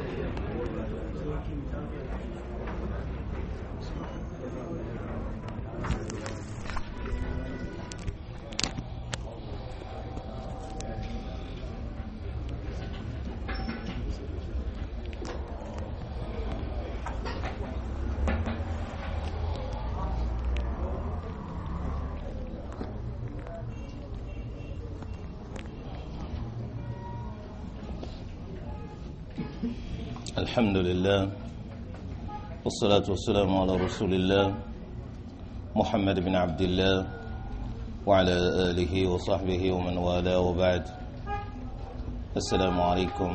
Gracias. الحمد لله والصلاة والسلام على رسول الله محمد بن عبد الله وعلى آله وصحبه ومن والاه وبعد السلام عليكم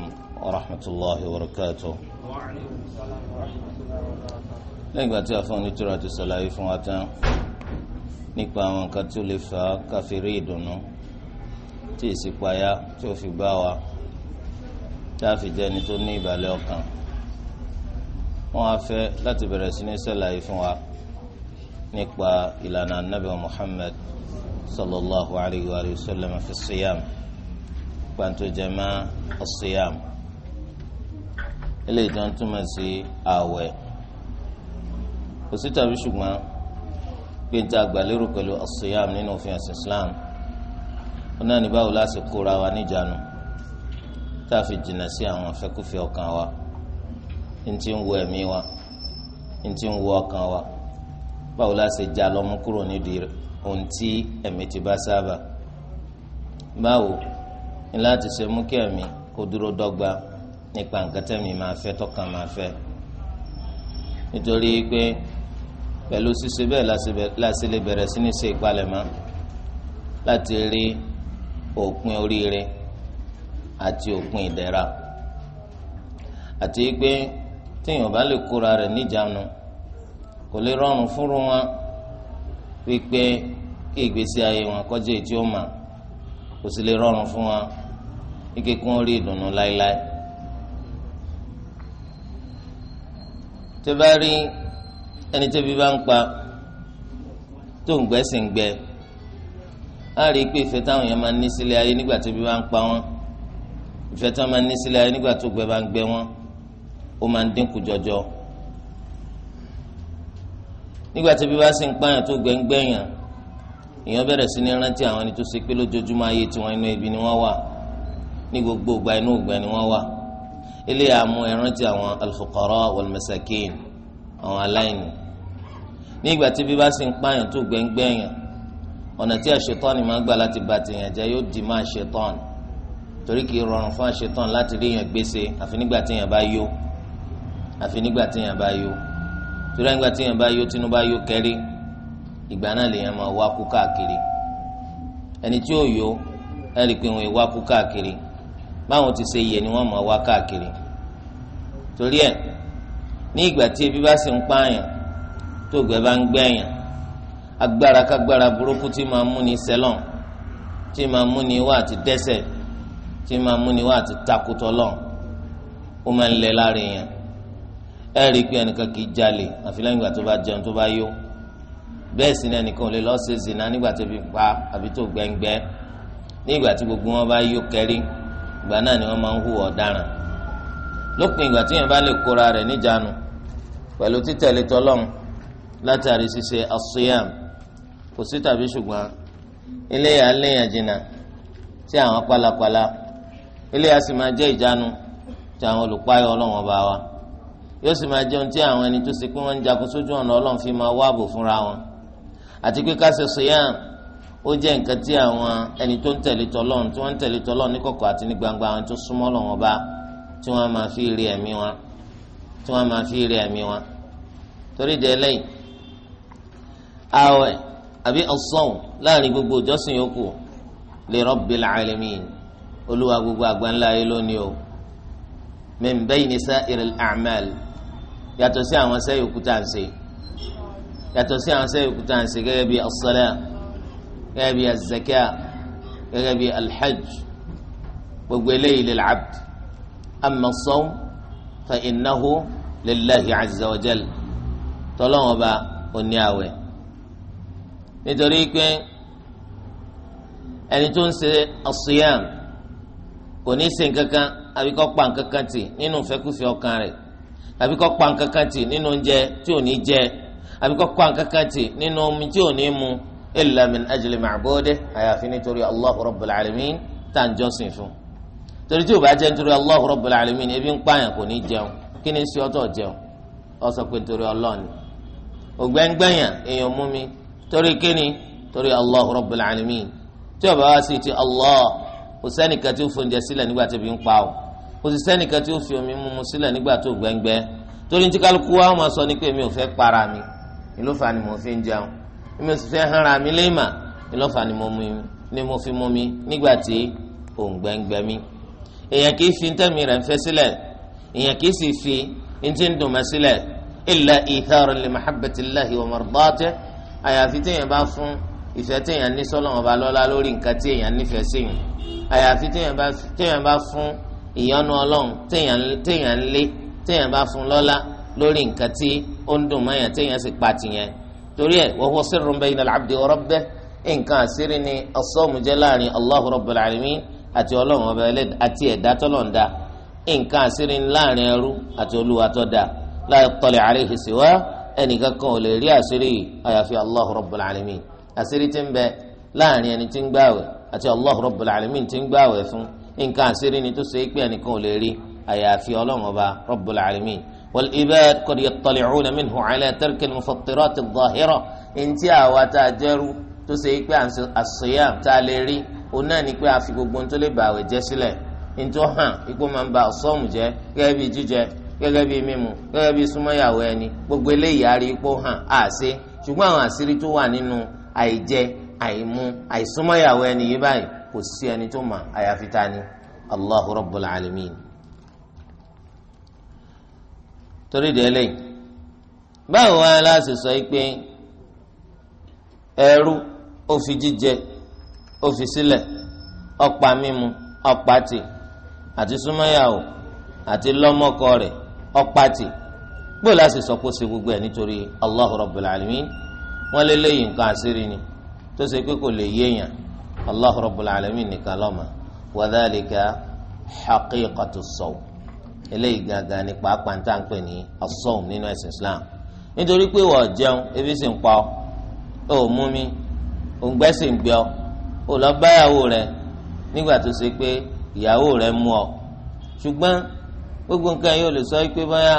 ورحمة الله وبركاته وعليكم السلام ورحمة الله وبركاته لأنك أتفهم نترى تسلاي فواتان nípa àwọn nǹkan tó lè fà á káfíńrí táàfì jẹni tó ní ìbàlẹ̀ ọkàn wọn á fẹ́ láti bẹ̀rẹ̀ sí ní ṣàlàyé fún wa nípa ìlànà anabi muhammed sallallahu alayhi wa sallam fi siyam pàǹtó jẹmọ́ ọ̀siyam ilé ìjọ ń túmọ̀ sí ààwẹ̀ kò sí tàbí ṣùgbọ́n pé n ta àgbàlérò pẹ̀lú ọ̀siyam nínú òfin ẹ̀sìn islam wọn náà ní báwo láti kóra wa níjànú tá a fi jìnnà sí àwọn afẹ́kùfẹ́ ọkàn wa ntí ń wo ẹ̀mí wa ntí ń wo ọkàn wa báwo la ṣe já lọ́mú kúrò nídìí ohun tí ẹ̀mí ti bá sábà báwo ni láti ṣe mú kí ẹ̀mí kó dúró dọ́gba nípa nǹkan tẹ̀mí máa fẹ́ tọkàn máa fẹ́ nítorí pé pẹ̀lú ṣíṣe bẹ́ẹ̀ láti lè bẹ̀rẹ̀ sí ní ṣe ìpalẹ̀mọ́ láti rí òpin oríire àti òpin ìdẹ̀ra àti pé téèyàn bá lè kóra rẹ̀ níjàánu kò lè rọrùn fúnru wọn wípé kí ìgbésí ayé wọn kọjá ètí ó mà kò sì lè rọrùn fún wọn wípé kí wọn ìdùnnú láéláé. tó bá rí ẹni tó bá ń pa tó ń gbẹ́ sì ń gbẹ́ á rí i pé ìfẹ́ táwọn èèyàn máa ń ní sílé ayé nígbà tó bá ń pa wọ́n ìfẹ́ tí wọ́n máa ń ní sílẹ̀ ayé nígbà tó gbẹ bá ń gbẹ wọ́n ó máa ń dínkù jọjọ nígbà tí bí bá sì ń pààyàn tó gbẹ ń gbẹ̀yàn èèyàn bẹ̀rẹ̀ sí ní rántí àwọn ẹni tó ṣe pé lójoojúmọ́ ayé tiwọn inú ebi ni wọ́n wà ní gbogbo ìgbà inú ìgbà ni wọ́n wà ilé àmú ẹ̀rántí àwọn al-fuqara àwọn aláìní ní tí bí bá sì ń pààyàn tó gbẹ ń gbẹ̀yàn ọ̀nà tí àṣetọ́ni máa gbà láti bàtìyàn jẹ́ yóò dì máa ṣetọ́ni torí kì í rọrùn fún àṣetán láti rí yàn gbèsè àfi nígbà tí yàn bá yó àfi nígbà tí yàn bá yó torí àgbà tí yàn bá yó tínú bá yó kẹrí ìgbà náà lèyàn máa wá kú káàkiri ẹni tí ó yó ẹ rí i pé wọn wá kú káàkiri báwọn ti ṣe yẹ ni wọn máa wá káàkiri torí ẹ ní ìgbà tí ebi bá sì ń pààyàn tó gbẹ bá ń gbẹ̀yàn agbára kágbára burúkú tí máa mú ni sẹlọ̀n tí máa mú ni wá àti dẹ́ṣẹ̀ tí máa múni wá àti takùtọ̀ lọ ó máa ń lẹ lára èèyàn ẹ rí i pé ẹnìkan kì í jalè àfi lẹ́yìn ìgbà tó bá jẹun tó bá yó bẹ́ẹ̀ sì ni ẹnìkan ò lè lọ́ọ́ ṣe zina nígbà tó fi pa àbí tó gbẹ́ngbẹ́ ní ìgbà tí gbogbo wọn bá yó kẹrí ìgbà náà ni wọ́n máa ń hùwà ọ̀daràn lópin ìgbà tí yẹn bá lè kóra rẹ̀ níjànú pẹ̀lú títẹ̀lé tọlọ́run látàrí ṣíṣe asiyam kò sí tàbí ṣùgbọ́n iléyà léyàn jìnnà tí àwọn pálapàla. Pala eléyà sì máa jẹ́ ìjánu tí àwọn olùpáyọ Ọlọ́run ọba wa yóò sì máa jẹun tí àwọn ẹni tó ṣe pé wọ́n ń jagun sójú ọ̀nà Ọlọ́run fi máa wá ààbò fúnra wọn àti pé ká ṣe sòyàn ó jẹ́ nǹkan tí àwọn ẹni tó ń tẹ̀lé tọ́lọ́run tí wọ́n ń tẹ̀lé tọ́lọ́run ní kọ̀kọ̀ àti ní gbangba àwọn tó súnmọ́ Ọlọ́run ọba tí wọ́n máa fi rí ẹ̀mí wọn tí wọ́n máa fi rí ẹ̀mí wọn torí de eléyìí ààwẹ̀ àbí ọ̀sán láàrin gbogbo ìjọsìn yòókù li Rabbil Alamin olúwa gbogbo àgbáńlá ayé lónìí o min bayni sa'iril a'mal yàtọ̀ sí àwọn sẹ́yìn òkúta ń ṣe yàtọ̀ sí àwọn sẹ́yìn òkúta ń ṣe gẹ́gẹ́ bí as-salat gẹ́gẹ́ bí az-zaka gẹ́gẹ́ bí al gbogbo eléyìí lil-abd amma as fa innahu lillahi azza wa òní àwẹ̀ nítorí pé ẹni tó ń ṣe as-siyam. kò ní ṣe nǹkankan àbí kó pa nǹkankan tì nínú fẹ́kùfẹ́ ọkàn rẹ̀ àbí kó pa nǹkankan tì nínú oúnjẹ tí ò ní jẹ àbí pa tì nínú omi tí ò ní mu illa min ajli àyàfi nítorí Allahu Rabbul Alamin tá à ń jọ́sìn fún torí tí ebi ń pààyàn kò ní jẹun kí ni ọ sọ pé nítorí ògbẹ́ngbẹ́yàn èèyàn mú torí kí ni torí kò sẹ́nìkan tí ó fi oúnjẹ sílẹ̀ nígbà tó fi ń pa ọ́ kò sì sẹ́nìkan tí ó fi omi mímu sílẹ̀ nígbà tó gbẹ́ngbẹ́ torí tí kálukú wa máa sọ ni pé mi ò fẹ́ para mi ìlófà ni mo fi ń jẹun mi ò sì fẹ́ hànra mi léèmà ìlófà ni mo fi mú mi nígbà tí òun gbẹ́ngbẹ́ mi èèyàn kì í fi ntẹ́mi rẹ̀ ń fẹ́ sílẹ̀ èèyàn kì í sì fi ntí ń dùn mọ́ sílẹ̀ illa ìhàrọ̀ lè mahabbatillahi wa mardatihi ìfẹ́ téèyàn ní sọ́lọ́run ọba lọ́lá lórí nǹkan téèyàn nífẹ̀ẹ́ séèyàn àyàfi téèyàn bá fún ìyọ́nú ọlọ́run téèyàn lé téèyàn bá fún lọ́lá lórí nǹkan tí ó ń dùn mọ́yàn téèyàn sì pa tìyẹn torí ẹ̀ wa huwa sirrun bayna al-abdi nǹkan àṣírí ni as jẹ́ láàrin Allahu Rabbul àti ọlọ́run ọba àti ẹ̀dá tọ́lọ́run nǹkan àṣírí ni láàrin ẹrú àti olúwa tó dá la yattali alayhi ẹnìkan kan ò lè rí àṣírí àyàfi Allahu Rabbul àṣírí ti ń bẹ láàrin ẹni tí ń gbààwẹ̀ àti allah rabbul alamin ti ń gbààwẹ̀ fún nǹkan àṣírí ni tó ṣe é pé ẹnìkan ò lè rí àyàfi ọlọ́run ọba rabbul alamin wal ibad qad yattali'una minhu ala tarki al-mufattirat adh-dhahira ntí àwa tá a jẹ́rú tó ṣe é pé àṣìyàm tá a lè rí òun náà ni pé àfi gbogbo tó lè bàwẹ̀ jẹ́ sílẹ̀ ntó hàn ipò máa ń ba ọ̀sọ́ọ̀mù jẹ́ gẹ́gẹ́ bí jíjẹ gẹ́gẹ́ bí mímu gẹ́gẹ́ bí súnmọ́yàwó ẹni gbogbo eléyìí á ipò hàn àṣe ṣùgbọ́n àwọn àṣírí tó wà nínú àìjẹ àìmu a ẹni yìí báyìí kò sí ẹni tó mà àyàfi ta ni Allahu Rabbul Alamin. torí délé báwo wá láti sọ pé ẹrú ó fi jíjẹ ó fi sílẹ̀ ọ̀pá mímu ọ̀pá tì àti súnmọ́yàwó àti lọ́mọkọ rẹ̀ tì láti sọ pé ó ṣe gbogbo ẹ̀ nítorí Allahu Rabbul Alamin. wọ́n lé lẹ́yìn nǹkan àṣírí ni tó ṣe pé kò lè yéèyàn allah Alamin nìkan ló mọ̀ wa dhalika eléyìí gangan ni pàápàá tá ń pè ní nínú ẹ̀sìn Islam nítorí pé wọ́n jẹun ebi sì ń pa ọ́ ò mú mi òǹgbẹ́ sì ń gbẹ ọ́ lọ rẹ nígbà tó ṣe pé ìyàwó rẹ mú ọ ṣùgbọ́n gbogbo nǹkan yóò lè sọ pé báyà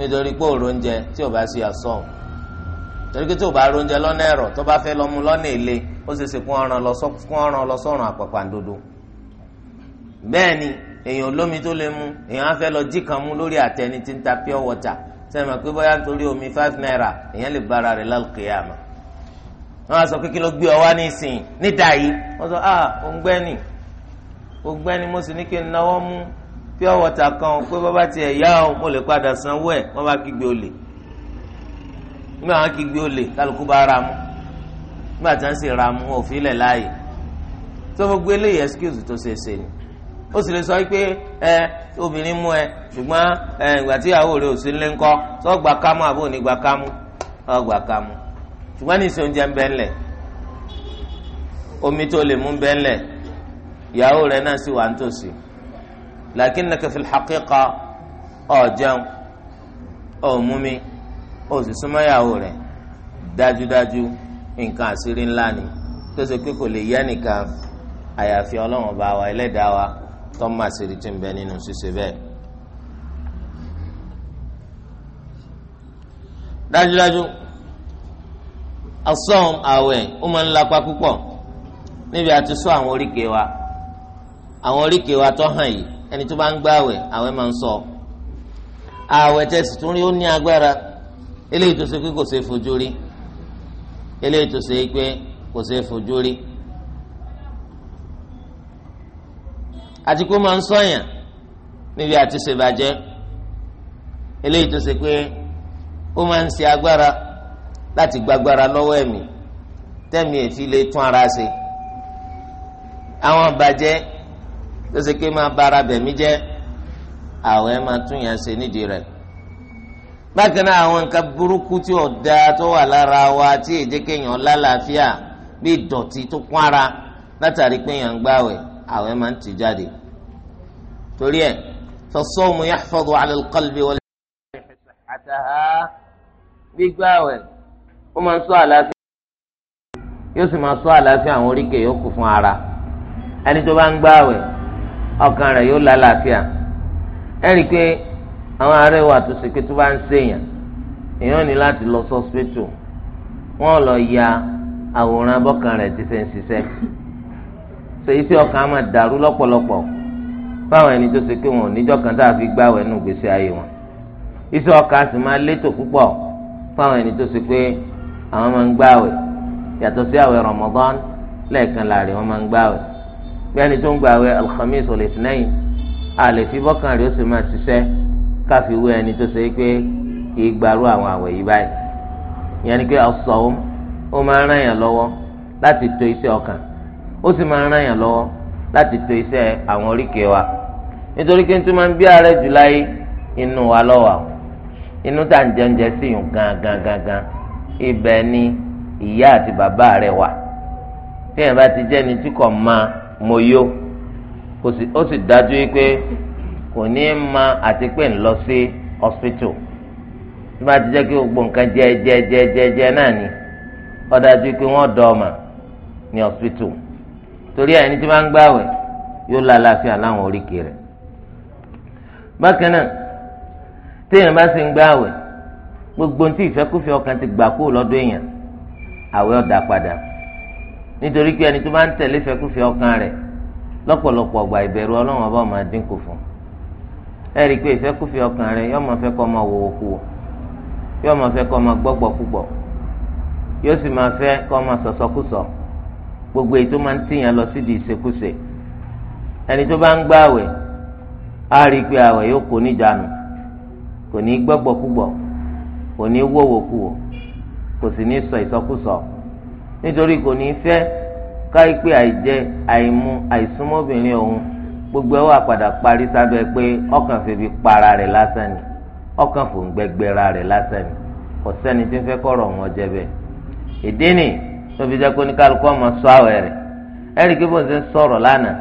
nítorí pé òòrùn oúnjẹ tí ò bá sí àsọ̀hún torí pé tí ò bá róúnjẹ lọ́nà ẹ̀rọ tó bá fẹ́ lọ mú lọ́nà èlé ó ṣeéṣe kún ọ̀ràn lọ sọ̀rùn àpàpàǹdodo bẹ́ẹ̀ ni èèyàn olómi tó lè mu èèyàn á fẹ́ lọ jí kan mú lórí àtẹni tí ń ta pure water sẹ́mi pé bóyá nítorí omi five naira èèyàn lè bára rẹ̀ lálùkìyàmà wọ́n á sọ pé kí ló gbé ọ wá nísìnyí níta yìí wọ́n sọ ah òǹgbẹ́ni òǹgbẹ́ni mo sì ní kí n náwó mú pure water kan pé bàbá tiẹ̀ yá o mo lè padà sanwó ẹ̀ wọ́n bá kígbe olè nígbà wọn kígbe olè kálukú bá ra mu nígbà tí wọ́n sì ra mu òfin ilẹ̀ láàyè tó gbogbo eléyìí excuse tó ṣe é ṣe ni ó sì lè sọ pé ẹ obìnrin mú ẹ ṣùgbọ́n ẹ ìgbà tí ìyàwó rẹ ò sí nílé ńkọ́ tó gbà kámú àbò ní gbà kámú ọ gbà kámú ṣùgbọ́n ní ìṣe oúnjẹ ń bẹ́ ńlẹ̀ omi tó lè mú ń bẹ́ ńlẹ̀ ìyàwó rẹ náà sì wà nítòsí lakinnaka fil haqiqa ọ̀ jẹun ọ̀ mumi ó sì súnmọ́ ìyàwó rẹ̀ dájúdájú nǹkan àṣírí ńlá ni tó ṣe pé kò lè yá nìkan àyàfi ọlọ́run bá wa ẹlẹ́dàá wa tó ń máa ṣèrí tí ń bẹ nínú ṣíṣe bẹ́ẹ̀. dájúdájú asọ́m àwẹ̀ ó máa ń lapa púpọ̀ níbi àti sọ àwọn oríkèé wa àwọn oríkèé wa tó hàn yìí ẹni tó bá ń gbààwẹ̀ àwẹ̀ máa ń sọ àwẹ̀ tẹ̀sí tún rí ó ní agbára eléyìí tó ṣe pé kò ṣe é fojú rí eléyìí tó ṣe pé kò ṣe é fojú rí àti pé máa ń sọ̀yàn níbi àti ṣèbàjẹ́ eléyìí tó ṣe pé ó máa ń ṣe agbára láti gbàgbára lọ́wọ́ ẹ̀mí tẹ̀mí ètí lè tún ara ṣe àwọn bàjẹ́ tó ṣe pé máa bára bẹ̀mí jẹ́ àwẹ̀ máa tún yẹn ṣe nídìí rẹ̀ bákan náà àwọn nǹkan burúkú tí ò dáa tó wà lára wa tí èdè kéèyàn lálàáfíà bí ìdọ̀tí tó kún ara látàrí pé èèyàn ń gbàwẹ̀ àwẹ̀ máa ń tì jáde torí ẹ̀ fas-sawmu yahfazu ala al-qalbi wal àtàhà ó máa ń ṣọ́ àlàáfíà yóò sì máa ṣọ́ àlàáfíà àwọn oríkèé yòókù fún ara ẹni tó bá ń gbàwẹ̀ ọkàn rẹ̀ yóò lálàáfíà ẹ rí i pé àwọn ààrẹ wà tó ṣe pé tó bá ń ṣèyàn èèyàn ní láti lọ sọ́spẹ́tù wọ́n lọ ya àwòrán bọ́kàn rẹ̀ ti ṣe ń ṣiṣẹ́ ṣe iṣẹ́ ọkàn á máa dàrú lọ́pọ̀lọpọ̀ fáwọn ẹni tó ṣe pé wọn ò níjọ́ kan tá a fi gbáwẹ̀ nù gbèsè ayé wọn iṣẹ́ ọkàn sì máa létò púpọ̀ fáwọn ẹni tó ṣe pé àwọn máa ń gbáwẹ̀ yàtọ̀ sí àwẹ̀ Ramadan lẹ́ẹ̀kan láàrin wọn máa ń gbáwẹ̀ bí ẹni tó ń gba àwẹ̀ alhamis olùtìnẹ́yìn àlè bọ́kàn rẹ̀ ó sì máa ṣiṣẹ́ káfí wé ẹni tó ṣe pé kì àwọn àwẹ̀ yìí báyìí ìyẹn ni pé as-sawm ó máa ń ràn yàn lọ́wọ́ láti to iṣẹ́ ọkàn ó sì máa ń ràn yàn lọ́wọ́ láti to iṣẹ́ àwọn oríkèé wa nítorí pé tó máa ń bí ààrẹ jùláyé inú wa lọ́wọ́ inú tá à ń jẹunjẹ sí yùn gangan gangan ibẹ̀ ni ìyá àti bàbá rẹ̀ wà tí yẹn bá ti jẹ́ ni tí kò máa mo yó ó sì dájú pé kò ní ma àti pé ń lọ sí hospital tí bá ti jẹ́ kí gbogbo nǹkan jẹ́ jẹ́ jẹ́ jẹ́ jẹ́ náà ni ó dájú pé wọ́n dọ̀ ọmọ ní hospital torí ẹni tí wọ́n ń gbàwẹ̀ yóò la àlàáfíà láwọn oríkèé rẹ̀ bákan náà téèyàn bá sì ń gbàwẹ̀ gbogbo ní tí ìfẹ́kùfẹ́ ọkàn ti gbà kúrò lọ́dọ̀ èèyàn àwẹ̀ ó padà nítorí pé ẹni tó bá ń tẹ̀lé fẹ́kúfẹ́ ọkàn rẹ̀ lọ́pọ̀lọpọ̀ ọgbà ìbẹ̀rù ọlọ́run ọba máa dínkù fún ẹ rí i pé ìfẹ́kúfẹ́ ọkàn rẹ̀ yóò máa fẹ́ kó máa wòwò kú wò yóò máa fẹ́ kó máa gbọ́gbọ́ púpọ̀ yóò sì máa fẹ́ kó máa sọ̀sọ́kùsọ̀ gbogbo èyí tó máa ń tìyàn lọ sídìí ìṣekúṣe ẹni tó bá ń gbá àwẹ̀ á rí i pé àwẹ̀ yóò kó níjànù kò ní gbọ́gbọ́ púpọ̀ kò ní wòwò kú wò kò sì ní sọ ìsọkúsọ̀ nítorí kò ní fẹ́ káyí pé àìjẹ àìmu àìsúnmọ́bìnrin òun gbogbo ẹ̀ wà padà parí sábẹ́ pé ọkàn fèbi para rẹ̀ lásán ni ọkàn fòǹgbẹ́gbẹ́ra rẹ̀ lásán ni kò sẹ́ni tí ń fẹ́ kọ̀rọ̀ wọn jẹ bẹ́ẹ̀ ìdí ni tó fi jẹ́ pé oníkálukú ọmọ sọ àwẹ̀ rẹ̀ ẹ̀rí kí bóun ṣe ń sọ̀rọ̀ lánàá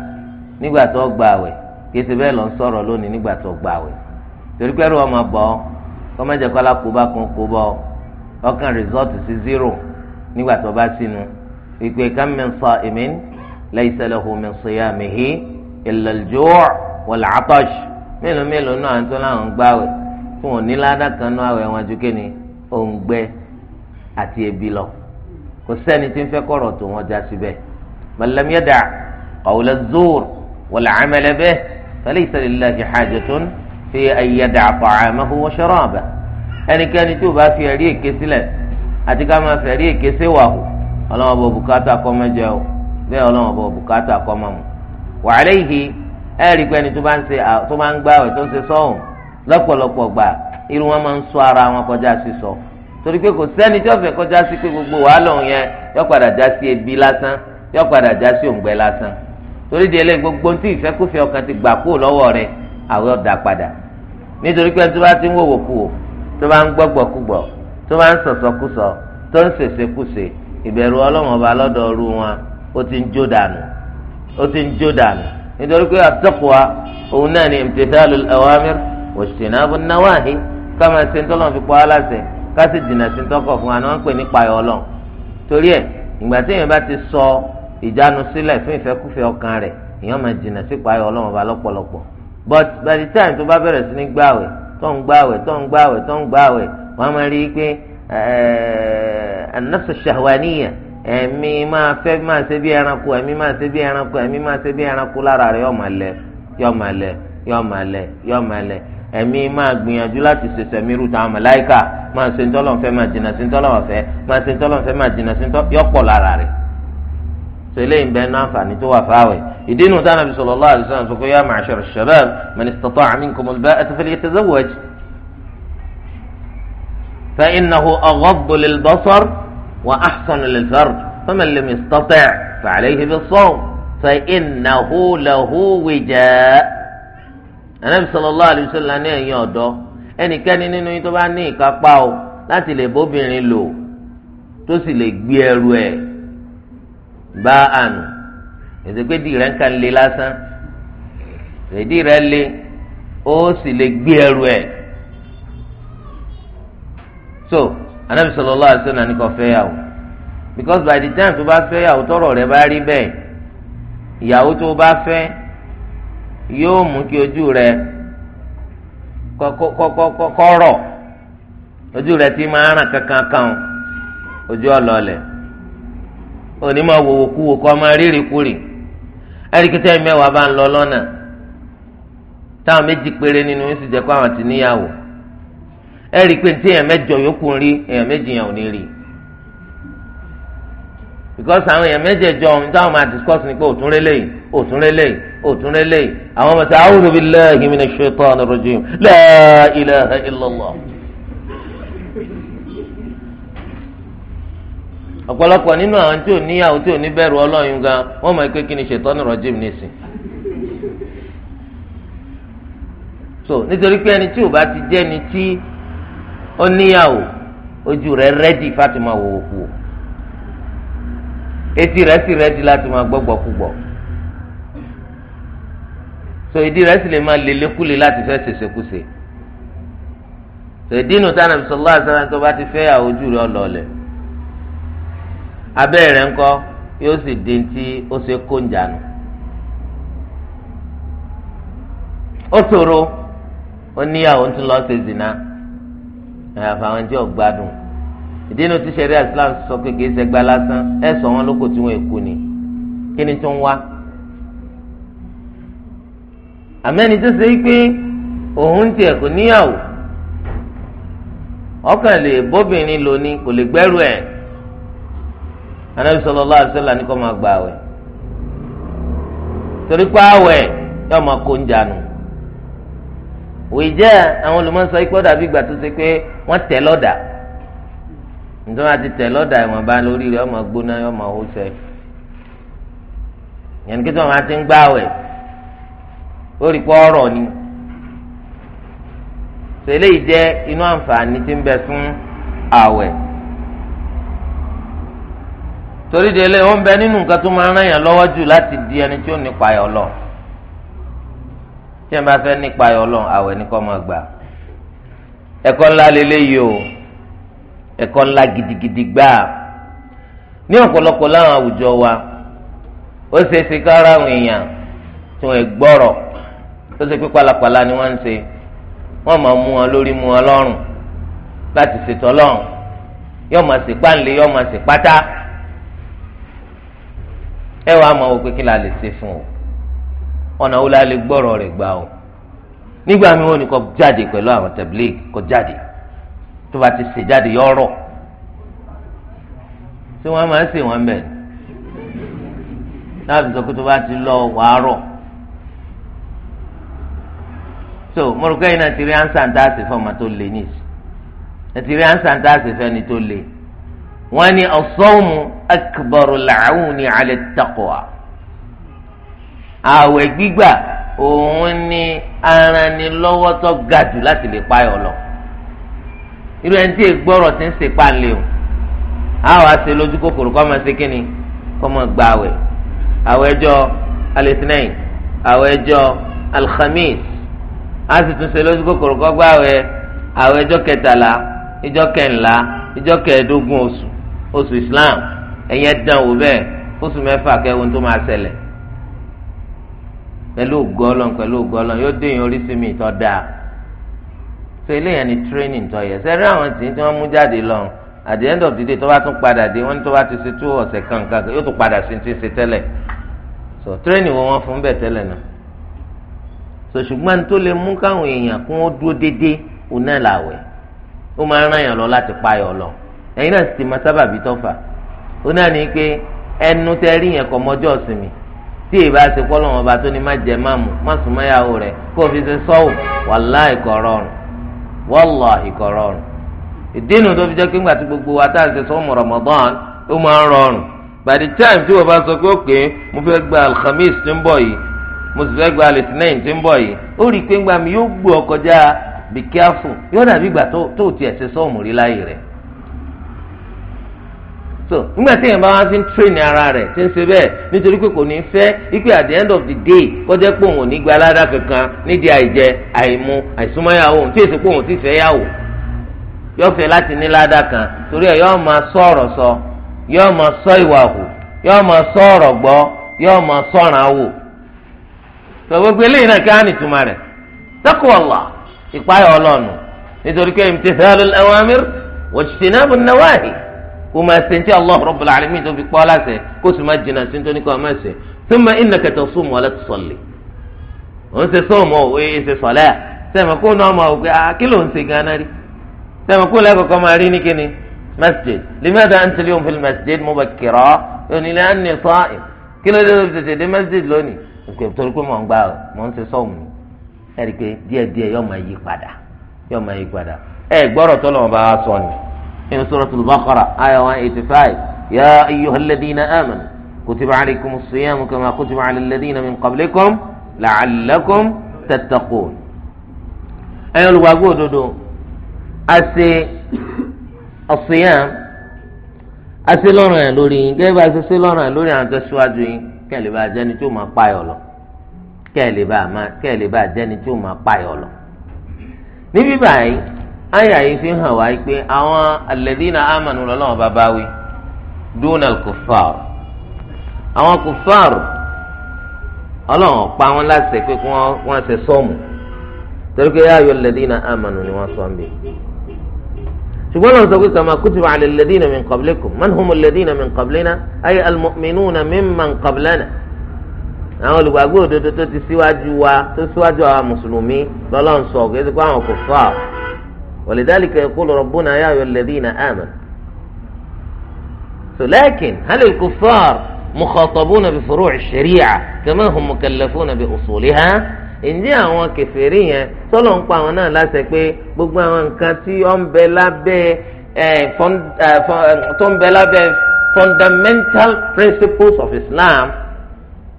nígbà tó gba àwẹ̀ kì í ṣe bẹ́ẹ̀ lọ ń sọ̀rọ̀ lónìí nígbà tó gba àwẹ̀ torí pẹ́rù ọmọ bọ̀ ọ́ kọ́mẹ́jẹ̀kọ́lá kó bá kan kó bọ́ ọkàn rìsọ́ọ̀tì sí zero nígbà tó bá sínú wípé kam min sa'imin laysa lahu min siyamihi illa al-ju' wal-'atash mélòó mélòó náà tó láwọn ń gbáwẹ̀ tí wọn ní ládàkan náà àwẹ̀ wọn ju kéne òǹgbẹ àti ebi lọ kò sẹ́ni tí ń fẹ́ kọ̀rọ̀ tó wọn já síbẹ̀ man lam yada' qawla az-zur wal-'amala bihi falaysa lillahi fi an yada'a ta'amahu wa sharabahu ẹnikẹ́ni tí ó bá fi ẹ̀rí èké sílẹ̀ àti ká máa fẹ̀rí èké séwà o ọlọ́wọ́n bọ̀ bùkátà kọ́ máa o bẹ́ẹ̀ ọlọ́wọ́n bọ̀ bùkátà kọ́ máa mu. wa alayhi ẹ̀rí pé ẹni tó bá ń ṣe tó bá ń gbá ẹ̀ tó ń ṣe sọ́hùn lọ́pọ̀lọpọ̀ gbà irú wọn máa ń sọ ara wọn kọjá sí sọ torí pé kò sẹ́ni tí ọ̀fẹ́ kọjá sí pé gbogbo wàhálà òun yẹn yọ padà já sí ebi lásán yọ padà já sí tó máa ń sọ̀sọ̀kúsọ tó ń ṣèṣekúṣe ìbẹ̀rù ọlọ́run ọba lọ́dọ̀ ọrú wọn ó ti ń jó dànù ó ti ń jó dànù nítorí pé àtọ́kùwa òun náà ni ìmùtẹ́sálù ẹ̀wámír òṣìṣẹ́nàbù náwáhí káma ṣe ń tọ́lọ̀ fi pa á láṣẹ ká sí tọkọ̀ fún wa ni wọ́n ń pè ní payọ̀ ọlọ́run torí ẹ̀ ìgbà tí èèyàn bá ti sọ ìjánu sílẹ̀ fún ìfẹ́kúfẹ́ ọkàn rẹ̀ èèyàn máa jìnnà sí payọ̀ ọlọ́run ọba lọ́pọ̀lọpọ̀ but by the time tó bá bẹ̀rẹ̀ sí ní gbààwẹ̀ tó ń gbààwẹ̀ tó ń gbààwẹ̀ tó ń gbààwẹ̀ wọ́n máa rí i pé an-nafs máa fẹ́ máa ṣe bí ẹranko ẹ̀mí máa ṣe bí ẹranko ẹ̀mí máa ṣe bí ẹranko lára rẹ̀ yọ̀ máa lẹ̀ yọ̀ máa lẹ̀ yọ̀ máa lẹ̀ yọ̀ máa lẹ̀ ẹ̀mí máa gbìyànjú láti ṣẹṣẹ mi rúta àwọn màláíkà máa ṣe ńtọ́lọ̀ fẹ́ máa jìnnà sí ńtọ́lọ̀ fẹ́ máa ṣe ńtọ́lọ̀ fẹ́ máa jìnnà sí ńtọ́ yọ pọ̀ lára rẹ̀ sẹlẹ̀ ń bẹ náà ni tó wà fáwẹ̀ ìdí inú táwọn Ànábì sallallahu alaihi wasallam sọ pé yā ma'shara ash-shabab man istata'a minkumul bā'ata falyatazawwaj فإنه أغض للبصر وأحسن للفرج فمن لم يستطع فعليه بالصوم فإنه له وجاء النبي صلى الله عليه وسلم ní ẹ̀yin ọ̀dọ́ ẹnikẹ́ni nínú yín tó bá ní ìkápá o láti lè bóbìnrin lò tó sì lè gbé ẹrù ẹ̀ bá àná ìdègbèdì rẹ̀ ń kan le lásán ìdí rẹ̀ le ó sì lè gbé ẹrù ẹ̀. so anabi sallallahu alaihi wasallam ní fẹ́ yàwó because by the time tó bá fẹ́ yàwó tọrọ rẹ bá rí bẹ́ẹ̀ ìyàwó tó bá fẹ́ yóò mú kí ojú rẹ kọ́rọ̀ ojú rẹ ti máa ràn kankan kan ojú ọlọ́ọ̀lẹ̀ onímọ̀ wòwò kọ́ máa rírì kúrì ẹ̀ríkítẹ́ mẹ́wàá bá ń lọ lọ́nà táwọn méjì péré nínú yóò sì jẹ́ kó àwọn ti níyàwó ẹ rí i pé tí èèyàn mẹ́jọ yòókù ń rí èèyàn méjì yẹn ò ní rí because àwọn èèyàn mẹ́jẹ̀ẹ̀jọ ohun táwọn máa discuss ni pé òtún rélé òtún rélé òtún rélé àwọn ọmọ tí a'udhu billahi minash shaitani rrajim la ilaha illallah. ọ̀pọ̀lọpọ̀ nínú àwọn tí ò níyàwó tí ò ní bẹ̀rù ọlọ́run gan wọ́n mọ̀ pé kí ni ṣètọ́nù rọ́jìm nísìn. so nítorí pé ẹni tí ò bá ti jẹ́ ni tí ó níyàwó ojú rẹ̀ rẹ́dì fáti máa wò kú etí rẹ̀ sì láti so ìdí rẹ̀ sì lè ma lè lékúlè láti fẹ́ ṣèṣekúṣe tòdínú tánà bisalòlá àṣàlá tó bá ti fẹ́ yàwó ojú rẹ̀ ọlọ́ọ̀lẹ̀ abẹ́ rẹ̀ ńkọ́ yóò sì di ti ó ṣe kó ń ó ṣòro ó zina. àyàfà àwọn tí ò ìdí inú tí sẹ́rí Islam sọ pé kì lásán sọ wọn lóko ni kí ni tó ń wá. àmẹ́ni tó ṣe pé òun tiẹ̀ kò níyàwó ọkàn lè bóbìnrin lóní kò lè gbẹ́rù ẹ̀ Ànábì sallallahu alaihi wasallam ní kó máa gbà wẹ̀ torí pé àwẹ̀ yóò máa òyìnjẹ́ àwọn olùmọ̀sọ ikú ọ̀dà bí gbà tó ṣe pé wọ́n tẹ̀ lọ́dà nítorí wọn ti tẹ̀ lọ́dà ìwọ̀nba lórí rẹ̀ ọmọ gbóná ọmọ ọ̀húnṣẹ́ yẹn kí tí wọn ti ń gbáwẹ̀ lórí pé ọ̀rọ̀ ni tẹ́lẹ̀ jẹ́ inú àǹfààní tí ń bẹ fún àwẹ̀ torí délé ó ń bẹ nínú nǹkan tó máa ń ràn yàn lọ́wọ́ jù láti di ẹni tí ó nípa ẹ̀ ọlọ́ọ̀ tí wọn bá fẹ́ nípa ayọ̀ Ọlọ́run àwẹ̀ ní kọ́ máa gbà ẹ̀kọ́ ńlá lélẹ́yìí o ẹ̀kọ́ ńlá gidigidi gbáà ní ọ̀pọ̀lọpọ̀ láwọn àwùjọ wa ó ṣeé ṣe kára àwọn èèyàn tí wọn gbọ́rọ̀ tó ṣe pé pálapàla ni wọ́n ń ṣe wọ́n máa mú wọn lórí mú wọn lọ́rùn láti ṣètò Ọlọ́run yóò máa ṣe páńlé yóò máa ṣe pátá ẹ wàá máa wò pé kí la lè ṣe fún o ọ̀nà wo la lè gbọ́rọ̀ rẹ̀ gbà o nígbà mi wọn ni kò jáde pẹ̀lú àwọn tẹ̀blé kò jáde tó bá ti ṣe jáde yọ ọ̀rọ̀ tí wọ́n máa ń ṣe wọ́n bẹ̀ láti sọ pé tó bá ti lọ wàá rọ̀ so mọ̀rùkẹ́ yìí náà ti rí ansa ń dáàsì fún ọmọ tó lé ní ìsì ẹ ti rí ansa ń dáàsì fún ẹni tó lé wọ́n ní ọ̀sọ́ọ̀mù akbaru làwọn ní alẹ́ taqwa àwẹ̀ gbígbà òun ni aranilọ́wọ́ tó ga jù láti lè payọ̀ lọ irú ẹni tí ègbọ́rọ̀ ti ń ṣe pàǹlẹ̀ o àwọn àṣẹ lójú kòkòrò kọ́ máa ṣe kí ni kọ́ máa gba àwẹ̀ àwẹ̀ ẹjọ́ alẹ́sìnẹ́yìn àwẹ̀ ẹjọ́ alhamis a sì tún ṣe lójú kòkòrò kọ́ gba àwẹ̀ àwẹ̀ ẹjọ́ kẹtàlá ẹjọ́ kẹńlá ẹjọ́ kẹẹ̀ẹ́dógún oṣù oṣù Islam ẹ̀yẹn dán wò bẹ́ẹ̀ oṣù mẹ́fà kẹ́wọ́n tó máa ṣẹlẹ̀ pẹ̀lú ògo ọlọ́run pẹ̀lú ògo ọlọ́run yóò déyìn oríṣi mi tó dáa so eléyàn ni training tó yẹ sẹ́rí àwọn tí wọ́n mú jáde lọ at the end of the day tó bá tún padà dé wọ́n ní tó bá ti ṣe tó ọ̀sẹ̀ kankan yóò tún padà sí ti ṣe tẹ́lẹ̀ so training wo wọ́n fún bẹ́ẹ̀ tẹ́lẹ̀ náà so ṣùgbọ́n tó lè mú káwọn èèyàn kún ó dúró déédéé òun náà làwẹ̀ ó máa ń ràn yàn lọ láti payọ̀ lọ ẹ̀yin náà sì ti máa sábàbí tọ́fà tí ìbá ṣe kọ́ lọ́wọ́ ọba tó ní má jẹ má mu má sùn mọ́yàwó rẹ̀ kó o fi ṣe sọ́wọ́ wàlá ìkọ̀rọ̀ wọ́lọ̀ ìkọ̀rọ̀ ìdínú tó fi jẹ́ pé ńgbà tí gbogbo wa tá à ṣe sọ́wọ́ Ramadan ó máa ń rọrùn by the time tí wọ́n bá sọ pé òkè mo fẹ́ gba alhamis tí ń bọ̀ yìí mo sì fẹ́ gba alitinayin tí ń bọ̀ yìí ó rí i pé ńgbà mi yóò gbó ọkọjá be careful yóò dàbí ìgbà tó tiẹ̀ ṣe sọ́wọ́ mọ̀rí láyé rẹ̀ so nígbà tí èèyàn bá wá sí ń tírénì ara rẹ̀ tí ń ṣe bẹ́ẹ̀ nítorí pé kò ní fẹ́ ipe at the end of the day kọjá pé òun ò ní gba aládàá kankan nídìí àìjẹ àìmu àìsúnmọ́yàwó òun tí èsì pé òun sì fẹ́ yàwó yóò fẹ́ láti ní ládàá kan torí ẹ̀ yóò máa sọ ọ̀rọ̀ sọ yóò máa sọ ìwà hù yóò máa sọ ọ̀rọ̀ gbọ́ yóò máa sọ̀ràn wò tó gbogbo eléyìí náà kí á ní ìtumọ̀ rẹ̀ taqwallah ìpáyọ̀ ọlọ́nu nítorí pé imtithalul awamir wajtinabun nawahi kó máa ṣe tí Allah Rabbul Alamin tó fi pọ́ láṣẹ kó sì máa jìnnà sí tó ní kó máa ṣe thumma innaka tasumu wa la tusalli òun ṣe sọ́ọ̀mù ọ̀ ẹ̀ ṣe sọ̀lẹ́ sẹ́mi kó náà máa wò pé ah, kí ló ń ṣe gánà rí sẹ́mi kó lẹ́kọ̀ọ́kọ́ máa rí ní kíni masjid limada anta al-yawma fil masjid mubakkira onílé anni sa'im kí ló dé lóbi tètè dé masjid lónìí òkè torí pé mò ń gbà ọ mò ń ṣe sọ́ọ̀mù ẹ̀rí díẹ̀díẹ̀ yóò إن سورة البقرة آية 185 يا أيها الذين آمنوا كتب عليكم الصيام كما كتب على الذين من قبلكم لعلكم تتقون أيها الواقود دودو أسي الصيام أسي لنا لوري كيف أسي لنا لوري أن تسواجي كالي بقى جاني تو ما بايولو كالي بقى ما كالي بقى جاني تو ما بايولو níbí báyìí àyà yìí fi hàn wá pé àwọn alladhina amanu lọ́lọ́wọ́ bàbá wí dunal kuffar àwọn kuffar ọlọ́wọ́ pa wọn láṣẹ pé kí wọ́n ṣe sọ́ọ̀mù torí pé yáyọ alladhina amanu ni wọ́n sọ ń bẹ. ṣùgbọ́n lọ́wọ́ sọ pé kama kutiba ala alladhina min qablikum man hum alladhina min qablina ay almu'minuna mimman qablana àwọn olùgbàgbọ́ òdodo tó ti síwájú wa tó síwájú àwa mùsùlùmí lọ́lọ́run ولذلك يقول ربنا يا أيها الذين آمنوا لكن هل الكفار مخاطبون بفروع الشريعة كما هم مكلفون بأصولها ǹjẹ́ àwọn kẹfẹ́rí yẹn sọ́lọ́ ń pa àwọn náà láṣẹ pé gbogbo àwọn nǹkan tí ó ń tó ń bẹ lábẹ́ fundamental principles of Islam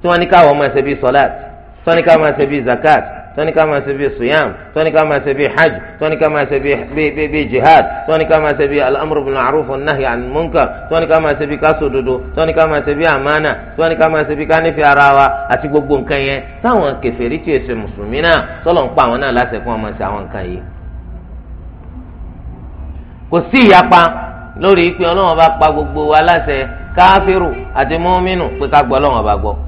tí wọ́n ní káwọn máa ṣe bí sọ́láàtì tí wọ́n ní káwọn máa ṣe bí zakat tọ́ni ká máa ṣe bíi suyam tọ́ni ká máa ṣe bíi hajj tọ́ni ká máa ṣe bíi bíi jihad tọ́ni ká máa ṣe bíi al-amru bil ma'ruf wan-nahyi 'anil munkar tọ́ni ká máa ṣe bíi ká sòdodo tọ́ni ká máa ṣe bíi amánà tọ́ni ká máa ṣe bíi ká ara wa àti gbogbo nǹkan yẹn táwọn kèfèrí tí èsè mùsùlùmí náà sọlọ ń pa àwọn náà láṣẹ fún ọmọ àwọn nǹkan yìí. kò sí ìyapa lórí pé Ọlọ́run bá pa gbogbo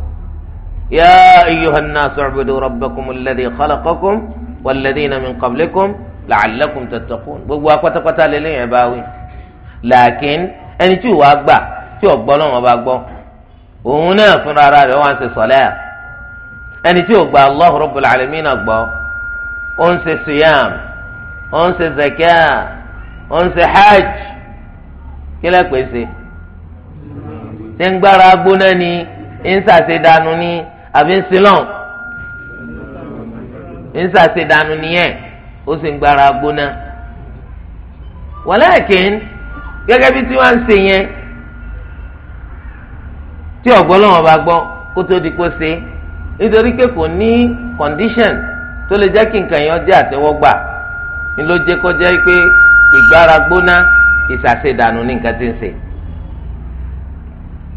يا أيها الناس اعبدوا ربكم الذي خلقكم والذين من قبلكم لعلكم تتقون gbogbo akpátákpátá lè léyìn ẹ̀bá wí làákín ẹni tí ìwà gbà tí ò gbọ́ lọ́wọ́ bá gbọ́ òun náà fúnra ara rẹ̀ wọ́n ṣe sọ̀lẹ́ à ẹni tí ò gba allah rabbul alamin náà gbọ́ ó ń ṣe siyam ó ń ṣe zakia ó ń ṣe hajj kí lẹ́pẹ́ ṣe ṣe ń gbára gbóná ni ń ṣàṣedànù ni àbí ń silọ́n ń sàṣedànù nìyẹn ó sì ń gbára gbóná wàlẹ́kìn gẹ́gẹ́ bí tí wọ́n ń ṣe yẹn tí ọ̀gbọ́n bá gbọ́ kó tó di kó ṣe nítorí pé kò ní condition tó lè jẹ́ kí nǹkan yẹn jẹ́ àtẹ́wọ́gbà ni ló jẹ́ kó jẹ́ pé ìgbára gbóná ìsàṣedànù ní nǹkan ti ń ṣe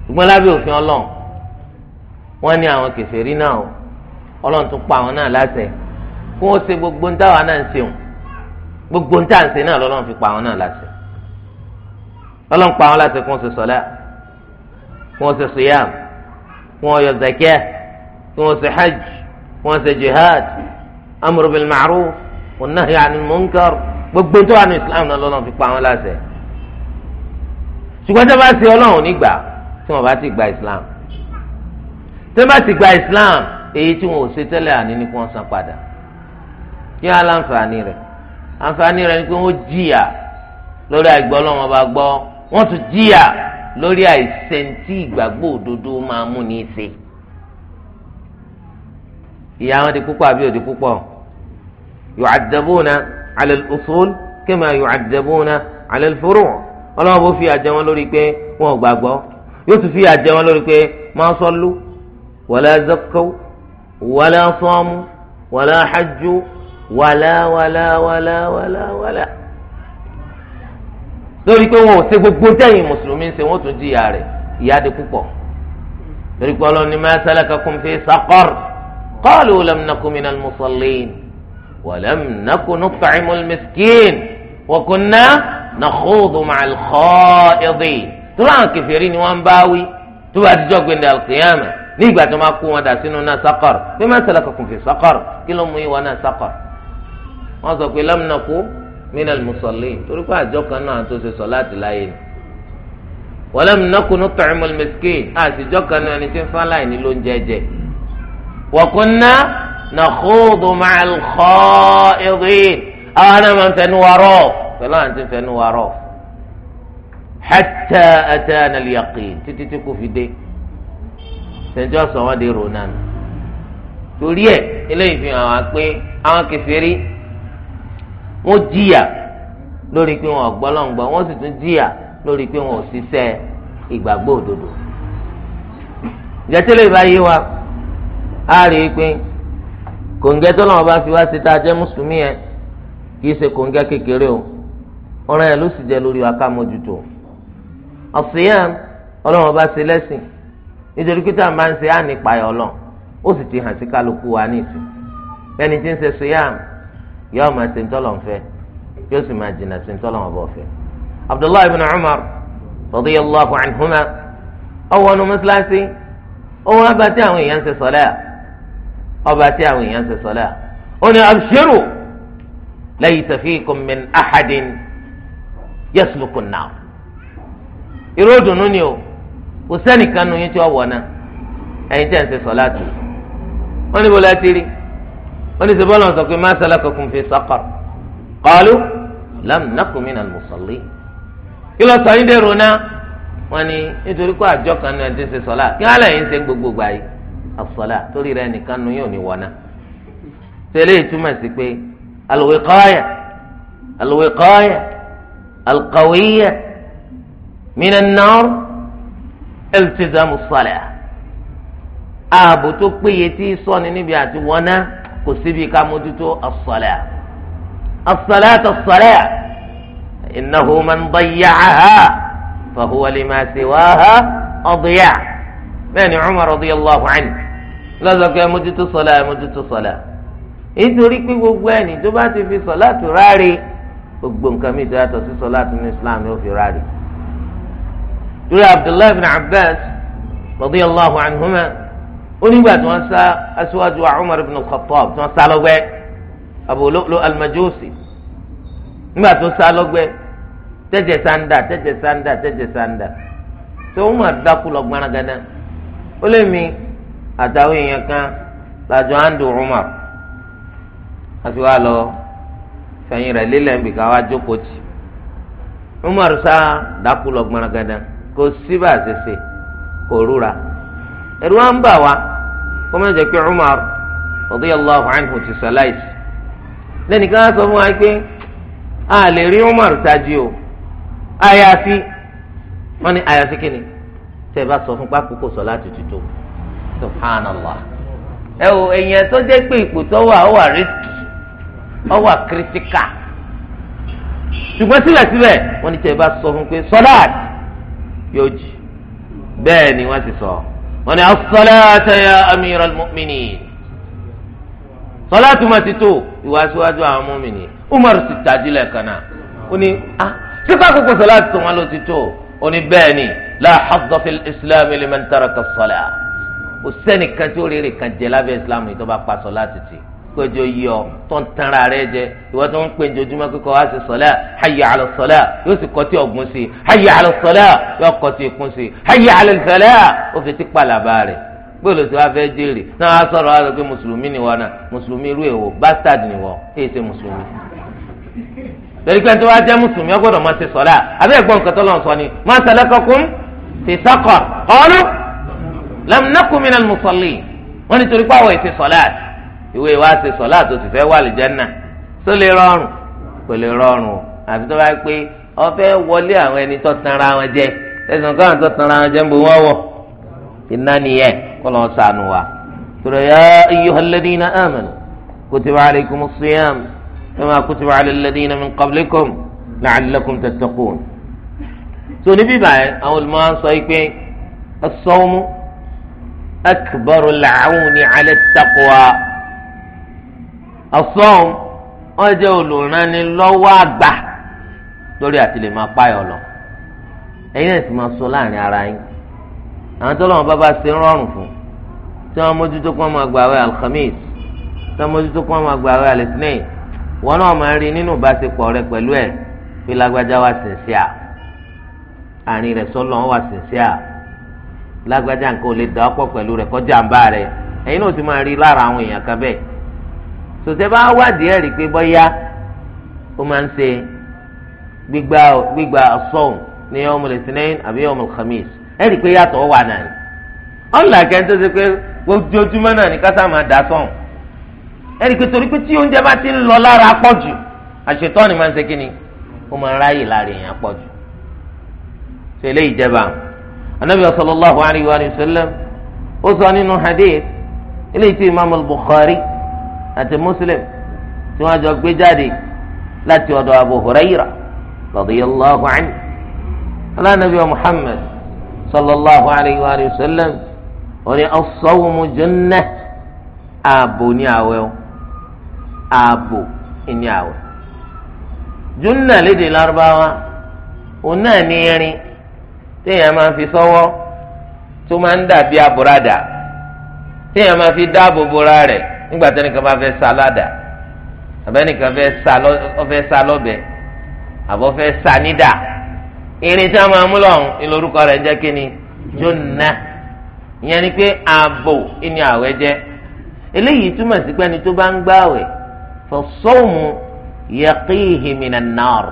ṣùgbọ́n lábẹ́ òfin ọlọ́run wọ́n ní àwọn kèfèrí náà o ọlọ́run tún pa àwọn náà láṣẹ kó wọ́n ṣe gbogbo ń dáwà náà ń ṣeun gbogbo ń tàǹṣe náà lọ́lọ́run fi pa àwọn náà láṣẹ lọ́lọ́run pa àwọn láṣẹ kó wọ́n ṣe sọ́lá kó wọ́n ṣe siyam kó wọ́n yọ zakiya kó wọ́n ṣe hajj kó wọ́n ṣe jihad amru bil ma'ruf wa nahyi anil munkar gbogbo ń tó wà islam náà lọ́lọ́run fi pa àwọn láṣẹ ṣùgbọ́n tí wọ́n bá ṣe ọlọ́run nígbà tí wọ́n bá ti gba islam tẹ́lá ti gba islam èyí tí wọn ò ṣe tẹ́lẹ̀ àní ni kí wọ́n san padà kí á láǹfààní rẹ̀ àǹfààní rẹ̀ ni pé wọ́n jìyà lórí àìgbọ́ lọ́wọ́n bá gbọ́ wọ́n tún jìyà lórí àìsẹ̀ǹtì ìgbàgbọ́ òdodo máa mú ní í ṣe ìyà wọn di púpọ̀ àbí òdi púpọ̀ yu'addabuna 'ala al-usul kama yu'addabuna 'ala al-furu' ọlọ́wọ́n bó fi àjẹ wọn lórí pé wọn ò gbàgbọ́ yóò tún fi àjẹ wọn lórí pé máa sọ́lú ولا زكوا ولا صاموا ولا حجوا ولا ولا ولا ولا ولا lórí pé wọn ò ṣe gbogbo dẹ́yìn mùsùlùmí ṣe wọ́n tún jìyà rẹ̀ ìyà dé púpọ̀ lórí pé ọlọ́ni ma salakakum fi saqar qalu lam naku minal musallin wa lam naku nut'imul miskin wa kunna nakhudu ma'al kha'idin tó láwọn ni wọ́n ń bá tó bá dijọ́ gbẹ̀ndẹ̀ alqiyama ní ìgbà tó máa kó wọn dà sínú náà sakar pé má salakakum fi sakar kí ló mú ìwà náà sakar wọn sọ pé lam naku minal musallin torí pé àjọ kan náà tó ṣe sọ̀láàtì láàyè ni walam naku nut'imul miskin àtijọ́ kan náà ni tí ń fáláì ní ló ń jẹjẹ wa kunna nakhudu ma'al kha'idin àwọn náà máa ń fẹnu wa pẹ̀lú àwọn tí ń fẹnu wa rọ títí tí kò fi dé sẹ́ńtì ọ̀sán wọn di ronan torí ẹ̀ eléyìí fi hàn wá pé àwọn kèfèrí wọ́n jìyà lórí pé wọn ò gbọ́ lọ́n gbọ́ wọ́n sì tún jìyà lórí pé wọn ò ṣiṣẹ́ ìgbàgbọ́ òdodo ìjẹ́tẹ́lẹ̀ ìbáyé wa á rí i pé kòǹgẹ́ tó lọ́wọ́ bá fi wá sí tá a jẹ́ mùsùlùmí yẹn kì í ṣe kòǹgẹ́ kékeré o ọ̀ràn yẹn ló sì jẹ́ lórí wa ká mójútó ọ̀sìyàn ọlọ́wọ́ bá ṣe lẹ́sìn nítorí pé tá a máa ń ṣe àní payọ lọ ó sì ti hàn sí kálukú wa ní ìsìn bẹ́ẹ̀ni tí ń ṣe suyam yóò máa ṣe ntọ́lọ̀ nfẹ́ yóò sì máa jìnnà sí ntọ́lọ̀ wọn bọ̀ fẹ́. abdullahi ibn umar radiyallahu anhuma ọwọ́ ọ̀nà mọ́sálásí ọwọ́ ọba tí àwọn èèyàn ń ṣe sọ́lá ọba tí àwọn èèyàn ń ṣe sọ́lá ó ní abshiru laysa fikum min ahadin yasluku an ìró dùnú ni o kò sẹ́nìkan nu yín tí wọ́n wọ̀ náà ẹ̀yin tẹ̀ ń ṣe sọ̀láàtì wọ́n ní bọ́lá ti rí wọ́n ní sọ́bọ́lá sọ pé ma salakakum fi saqar qalu lam naku minal musallin kí ló sọ yín dèrò náà wọ́n ní nítorí kó àjọ kan nu ẹ̀yin ń ṣe sọ̀lá kí wọ́n lẹ́yìn ṣe gbogbo gbà yìí àsọ̀lá torí rẹ̀ nìkan nu yóò ní wọ̀ náà tẹ́lẹ̀ ìtumọ̀ sí pé alwiqaya ẹlẹtìzámù sọlẹ ààbò tó péye tí sọni níbi àti wọná kò síbi ká mójútó asọlẹ asọlẹ tó sọlẹ innahu man dayya'aha fahuwa lima siwaha ọdìyà bẹ́ẹ̀ ni Umar radiyallahu anhu lọsọkẹ mójútó sọlẹ mójútó sọlẹ nítorí pé gbogbo ẹni tó bá ti fi sọlá tó ráre gbogbo nǹkan mi tó sí sọlá tó ní Islam yóò fi ráre lórí abdullahi bin abbas radiyallahu anhuma onígbà tí wọ́n sá aṣíwájú wa umar bin khattab tí wọ́n sá lọ́gbẹ́ abu lu'lu almajusi nígbà tó sá lọ́gbẹ́ tẹ́jẹ̀ sáńdà tẹ́jẹ̀ sáńdà tẹ́jẹ̀ sáńdà tí umar dákú lọ gbanagana ó lé mi àtàwọn èèyàn kan làjọ àǹdù umar àti lọ fẹ̀yìn rẹ̀ lílẹ̀ nbìkan wá jókòó tì umar sá dákú lọ gbanagana. kò sí bá a ṣe ṣe kò rúra wa ń bà wá kó má pé Umar radiyallahu anhu ti sàláìsì lẹ́nìkan á sọ a lè rí Umar tají o àyàfi àyàfi kí ni tẹ́ bá sọ fún pápá kò sọ láti tuntun subhanallah ẹ o èèyàn tó jẹ́ pé ipò tó wà ó wà rìsíkì ó wà yóò jì bẹ́ẹ̀ ni wọ́n ti sọ wọ́n ní as-salata ya amiral mu'minin sọláàtù máa ti tó ìwàsíwájú àwọn mọ́mìnì Umar ti tajílẹ̀ kan náà ó ní ah sípà kókó sọláàtù tó wọn ló ti tó ó ní bẹ́ẹ̀ ni la hadda fil islam liman taraka as-salah sẹ́nìkan tí ó rèrè kan jẹ lábẹ́ islam yìí pa sọláàtù tì í péjọ yọ tó ń tanra rẹ jẹ ìwọ tó ń pè njojúmọ́ kíkọ wá sí sọlá hayya ala sọlá yóò sì kọtí ọgùn sí hayya ala sọlá yóò kọtí ikún sí hayya ala sọlá ó fi ti pàlàbà rẹ gbọ́dọ̀ tí wàá fẹ́ jèrè náà wàá sọ̀rọ̀ wàá sọ pé mùsùlùmí ni wọn náà mùsùlùmí irú èwo bastard ni wọn èyí ṣe mùsùlùmí. lórí pé tó wàá jẹ́ mùsùlùmí ó gbọ́dọ̀ máa ṣe sọlá àbẹ́ ẹ̀gbọ́n nǹkan tó lọ́n sọ ni ma salakakum fi saqar qalu lam naku minal musallin wọ́n nítorí pé àwọn èsì sọlá ìwé wa ṣe sọlá tó sì fẹ́ wà lìjánà tó lè rọrùn kò lè rọrùn o àfi tó bá pé ọfẹ́ wọlé àwọn ẹni tó tanra wọn jẹ ẹsùn káwọn tó tanra wọn jẹ ń bò wọn wọ iná nìyẹn kó lọ sànù wa. sọ̀rọ̀ yá ayyuhal ladina amanu kutiba alaykumus siyam kama kutiba alal ladina min qablikum la'allakum tattaqun. tó níbí báyìí àwọn olùmọ̀ á sọ pé as-sawmu akbarul ọ̀sọ́hún wọ́n jẹ́ olùrànilọ́wọ́ àgbà lórí àti lè máa páyọ̀ lọ ẹ̀yin náà sì máa sọ láàrin ara yín àwọn tó lọ́wọ́ bá bá ṣe ń rọrùn fún tí wọ́n mójútó kí wọ́n máa tí wọ́n mójútó kí wọ́n máa wọn náà máa rí nínú rẹ lágbájá àárín lágbájá nǹkan ò kọjá ń bá náà ti máa rí lára tòtẹ́ bá wádìí ẹ̀ rí pé bọ́yá ó máa ń ṣe gbígba gbígba sọ́ọ̀n ní yawmul ithnain àbí yawmul khamis ẹ̀ rí pé yàtọ̀ wà náà ni ọ̀là kẹ́ńtó ṣe pé ojoojúmọ́ náà ni kásá máa dà sọ́ọ̀n ẹ̀ rí pé torí pé tí oúnjẹ bá ti ń lọ lára pọ̀ jù àṣetọ́ ni máa ń ṣe kí ni ó máa ń ráyè lára èèyàn pọ̀ jù ṣe eléyìí jẹba anabi sallallahu alayhi wa sallam ó sọ nínú hadith àti muslim tí wọ́n jọ gbé jáde láti ọ̀dọ̀ abu hurayra radiyallahu anhu alanabi wa muhammad sallallahu alayhi wa sallam wọ́n ní as-sawmu jannah ààbò ní àwẹ̀ o ààbò ní àwẹ̀ jannah lédè lárúbáwá òun náà ní irin téèyàn máa fi sọ́wọ́ tó máa ń dàbí àbúradà téèyàn máa fi dáàbò bora rẹ̀ nígbà tí ẹnìkan bá fẹ́ sa ládàá àbẹ́ ẹnìkan fẹ́ sa lọ́bẹ̀ àbọ̀ fẹ́ sa nídà irin tí a máa mú lọ́hùn ìlórúkọ rẹ̀ jẹ́ kí ni jonna ìyẹn ni pé ààbò ìní àwẹ̀ jẹ́ eléyìí túmọ̀ sí pé ẹni tó bá ń gbààwẹ̀ fọ̀sọ́ọ̀mù yaqihi minan nar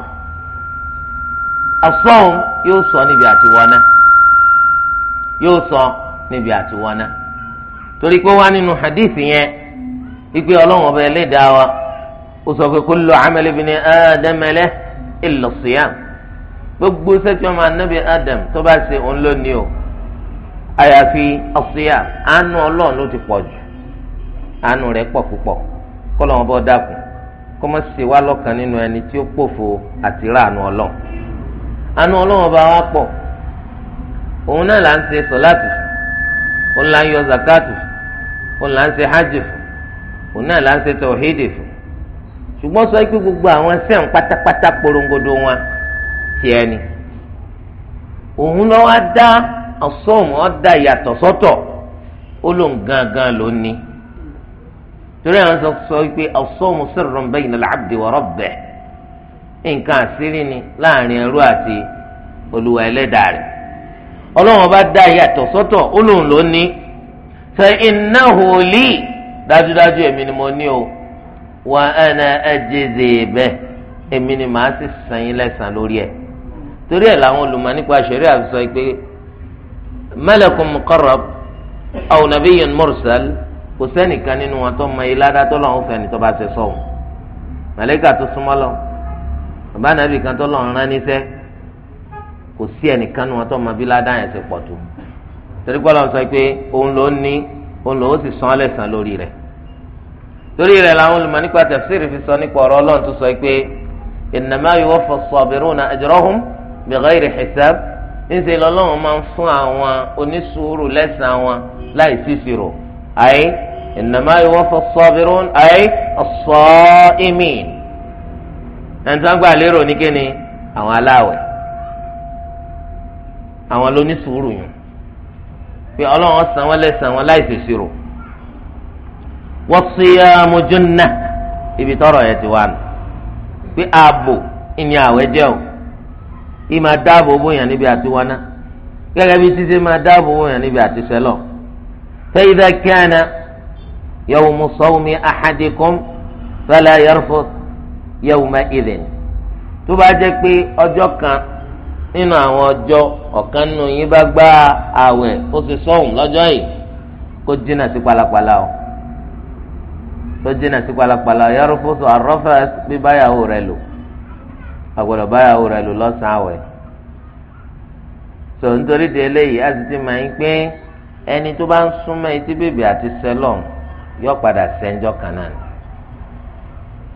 asọ́ọ̀mù yóò sọ níbi àtiwọ́ná yóò sọ níbi àtiwọ́ná torí pé wá nínú hadith yẹn ìgbé ọlọ́run ọba ẹlẹ́dàá wa ó sọ pé kullu amali ibni Adam lahu illa siyam gbogbo sẹ́tì ọmọ anábì Adam tó bá ṣe òun ló ní o àyàfi ọ̀sìyà àánú ọlọ́run ló ti pọ̀ jù àánú rẹ̀ pọ̀ púpọ̀ kọ́lọ́run ọba dákun kó má ṣe wá lọ́kàn nínú ẹni tí ó pòfo àti ráàánú ọlọ́run àánú ọlọ́run ọba wa pọ̀ òun náà là ń ṣe sọ̀láàtì òun là ń yọ zakati òun là ń ṣe hajj fún òun náà láti ṣe tọ̀hídì fún ṣùgbọ́n sọ pé gbogbo àwọn sẹ́ǹ pátápátá porongodo wọn ti ni òun lọ́ wá dá ọ̀sọ́ọ̀mù ọ̀dà ìyàtọ̀ sọ́tọ̀ ó lóun gangan ló ní torí àwọn sọ sọ pé ọ̀sọ́ọ̀mù sirrun bayna al-abdi wa rabbih nǹkan àṣírí ni láàrin ẹrú àti olùwà ẹlẹ́dàá rẹ̀ ọlọ́run bá dá ìyàtọ̀ sọ́tọ̀ ó lóun ló ní li. dájúdájú èmi ni mo ní o wà á na ẹjẹzẹ bẹ èmi ni màá sì san yín lẹ́san lórí ẹ̀ torí ẹ̀ làwọn olùmọ̀ nípa ṣẹ̀rí àṣọ pé malakun muqarrab aw nabiyyun mursal kò sẹ́nìkan nínú wọn tó mọ ilé adátọ́ lọ́wọ́ fẹ́ni tó bá ṣe sọ̀hún màlẹ́kà tó súnmọ́ lọ bàbá nàbì kan tó lọ́ọ́ rán níṣẹ́ kò sí ẹnìkan nínú wọn tó mọ bí ládàá yẹn ṣe pọ̀ tó torí pé ọlọ́run sọ pé òun ló ní olùwò sì san lẹ́sàn lórí rẹ̀ torí rẹ̀ làwọn olùmọ̀ nípa tafsiri fi sọ nípa ọ̀rọ̀ ọlọ́run tó sọ pé innama yuwaffa as-sabiruna ajrahum bighayri hisab ńṣe lọ́lọ́run máa ń fún àwọn onísùúrù lẹ́sàn wọn láì sísirò ayé innama yuwaffa as-sabirun ayé as-sa'imin ẹ̀ńtàgbà lérò ní kíni àwọn aláwẹ̀ àwọn lónísùúrù yìí pé ọlọ́run san wọ́n lẹ́sàn wọn láì ṣèṣirò wasiyamu junnah ibi tọrọ yẹn ti wà nù pé ààbò ìní àwẹ̀ jẹ́ o kí máa dáàbò bóyá níbi àti wọná gẹ́gẹ́ bí títí máa dáàbò bóyá níbi àti sẹ́lọ̀ fa idha kana yawmu sawmi ahadikum fala yarfuth yawma idhin tó bá jẹ́ pé ọjọ́ kan nínú àwọn ọjọ́ ọ̀kan nù yín bá gba àwẹ̀ ó ti sọ̀hún lọ́jọ́ yìí kó jìnnà sí o tó jìnnà sí pálapàla yọrọ fóso àrọ́fẹ́ bí báyàwó rẹ lò àgbọ̀dọ̀ báyàwó rẹ lò lọ́sàn àwẹ̀ tó nítorí de eléyìí a ti ti máa ń pín ẹni tó bá ń súnmọ́ etí bèbè àti sẹlọ̀n padà sẹ́njọ́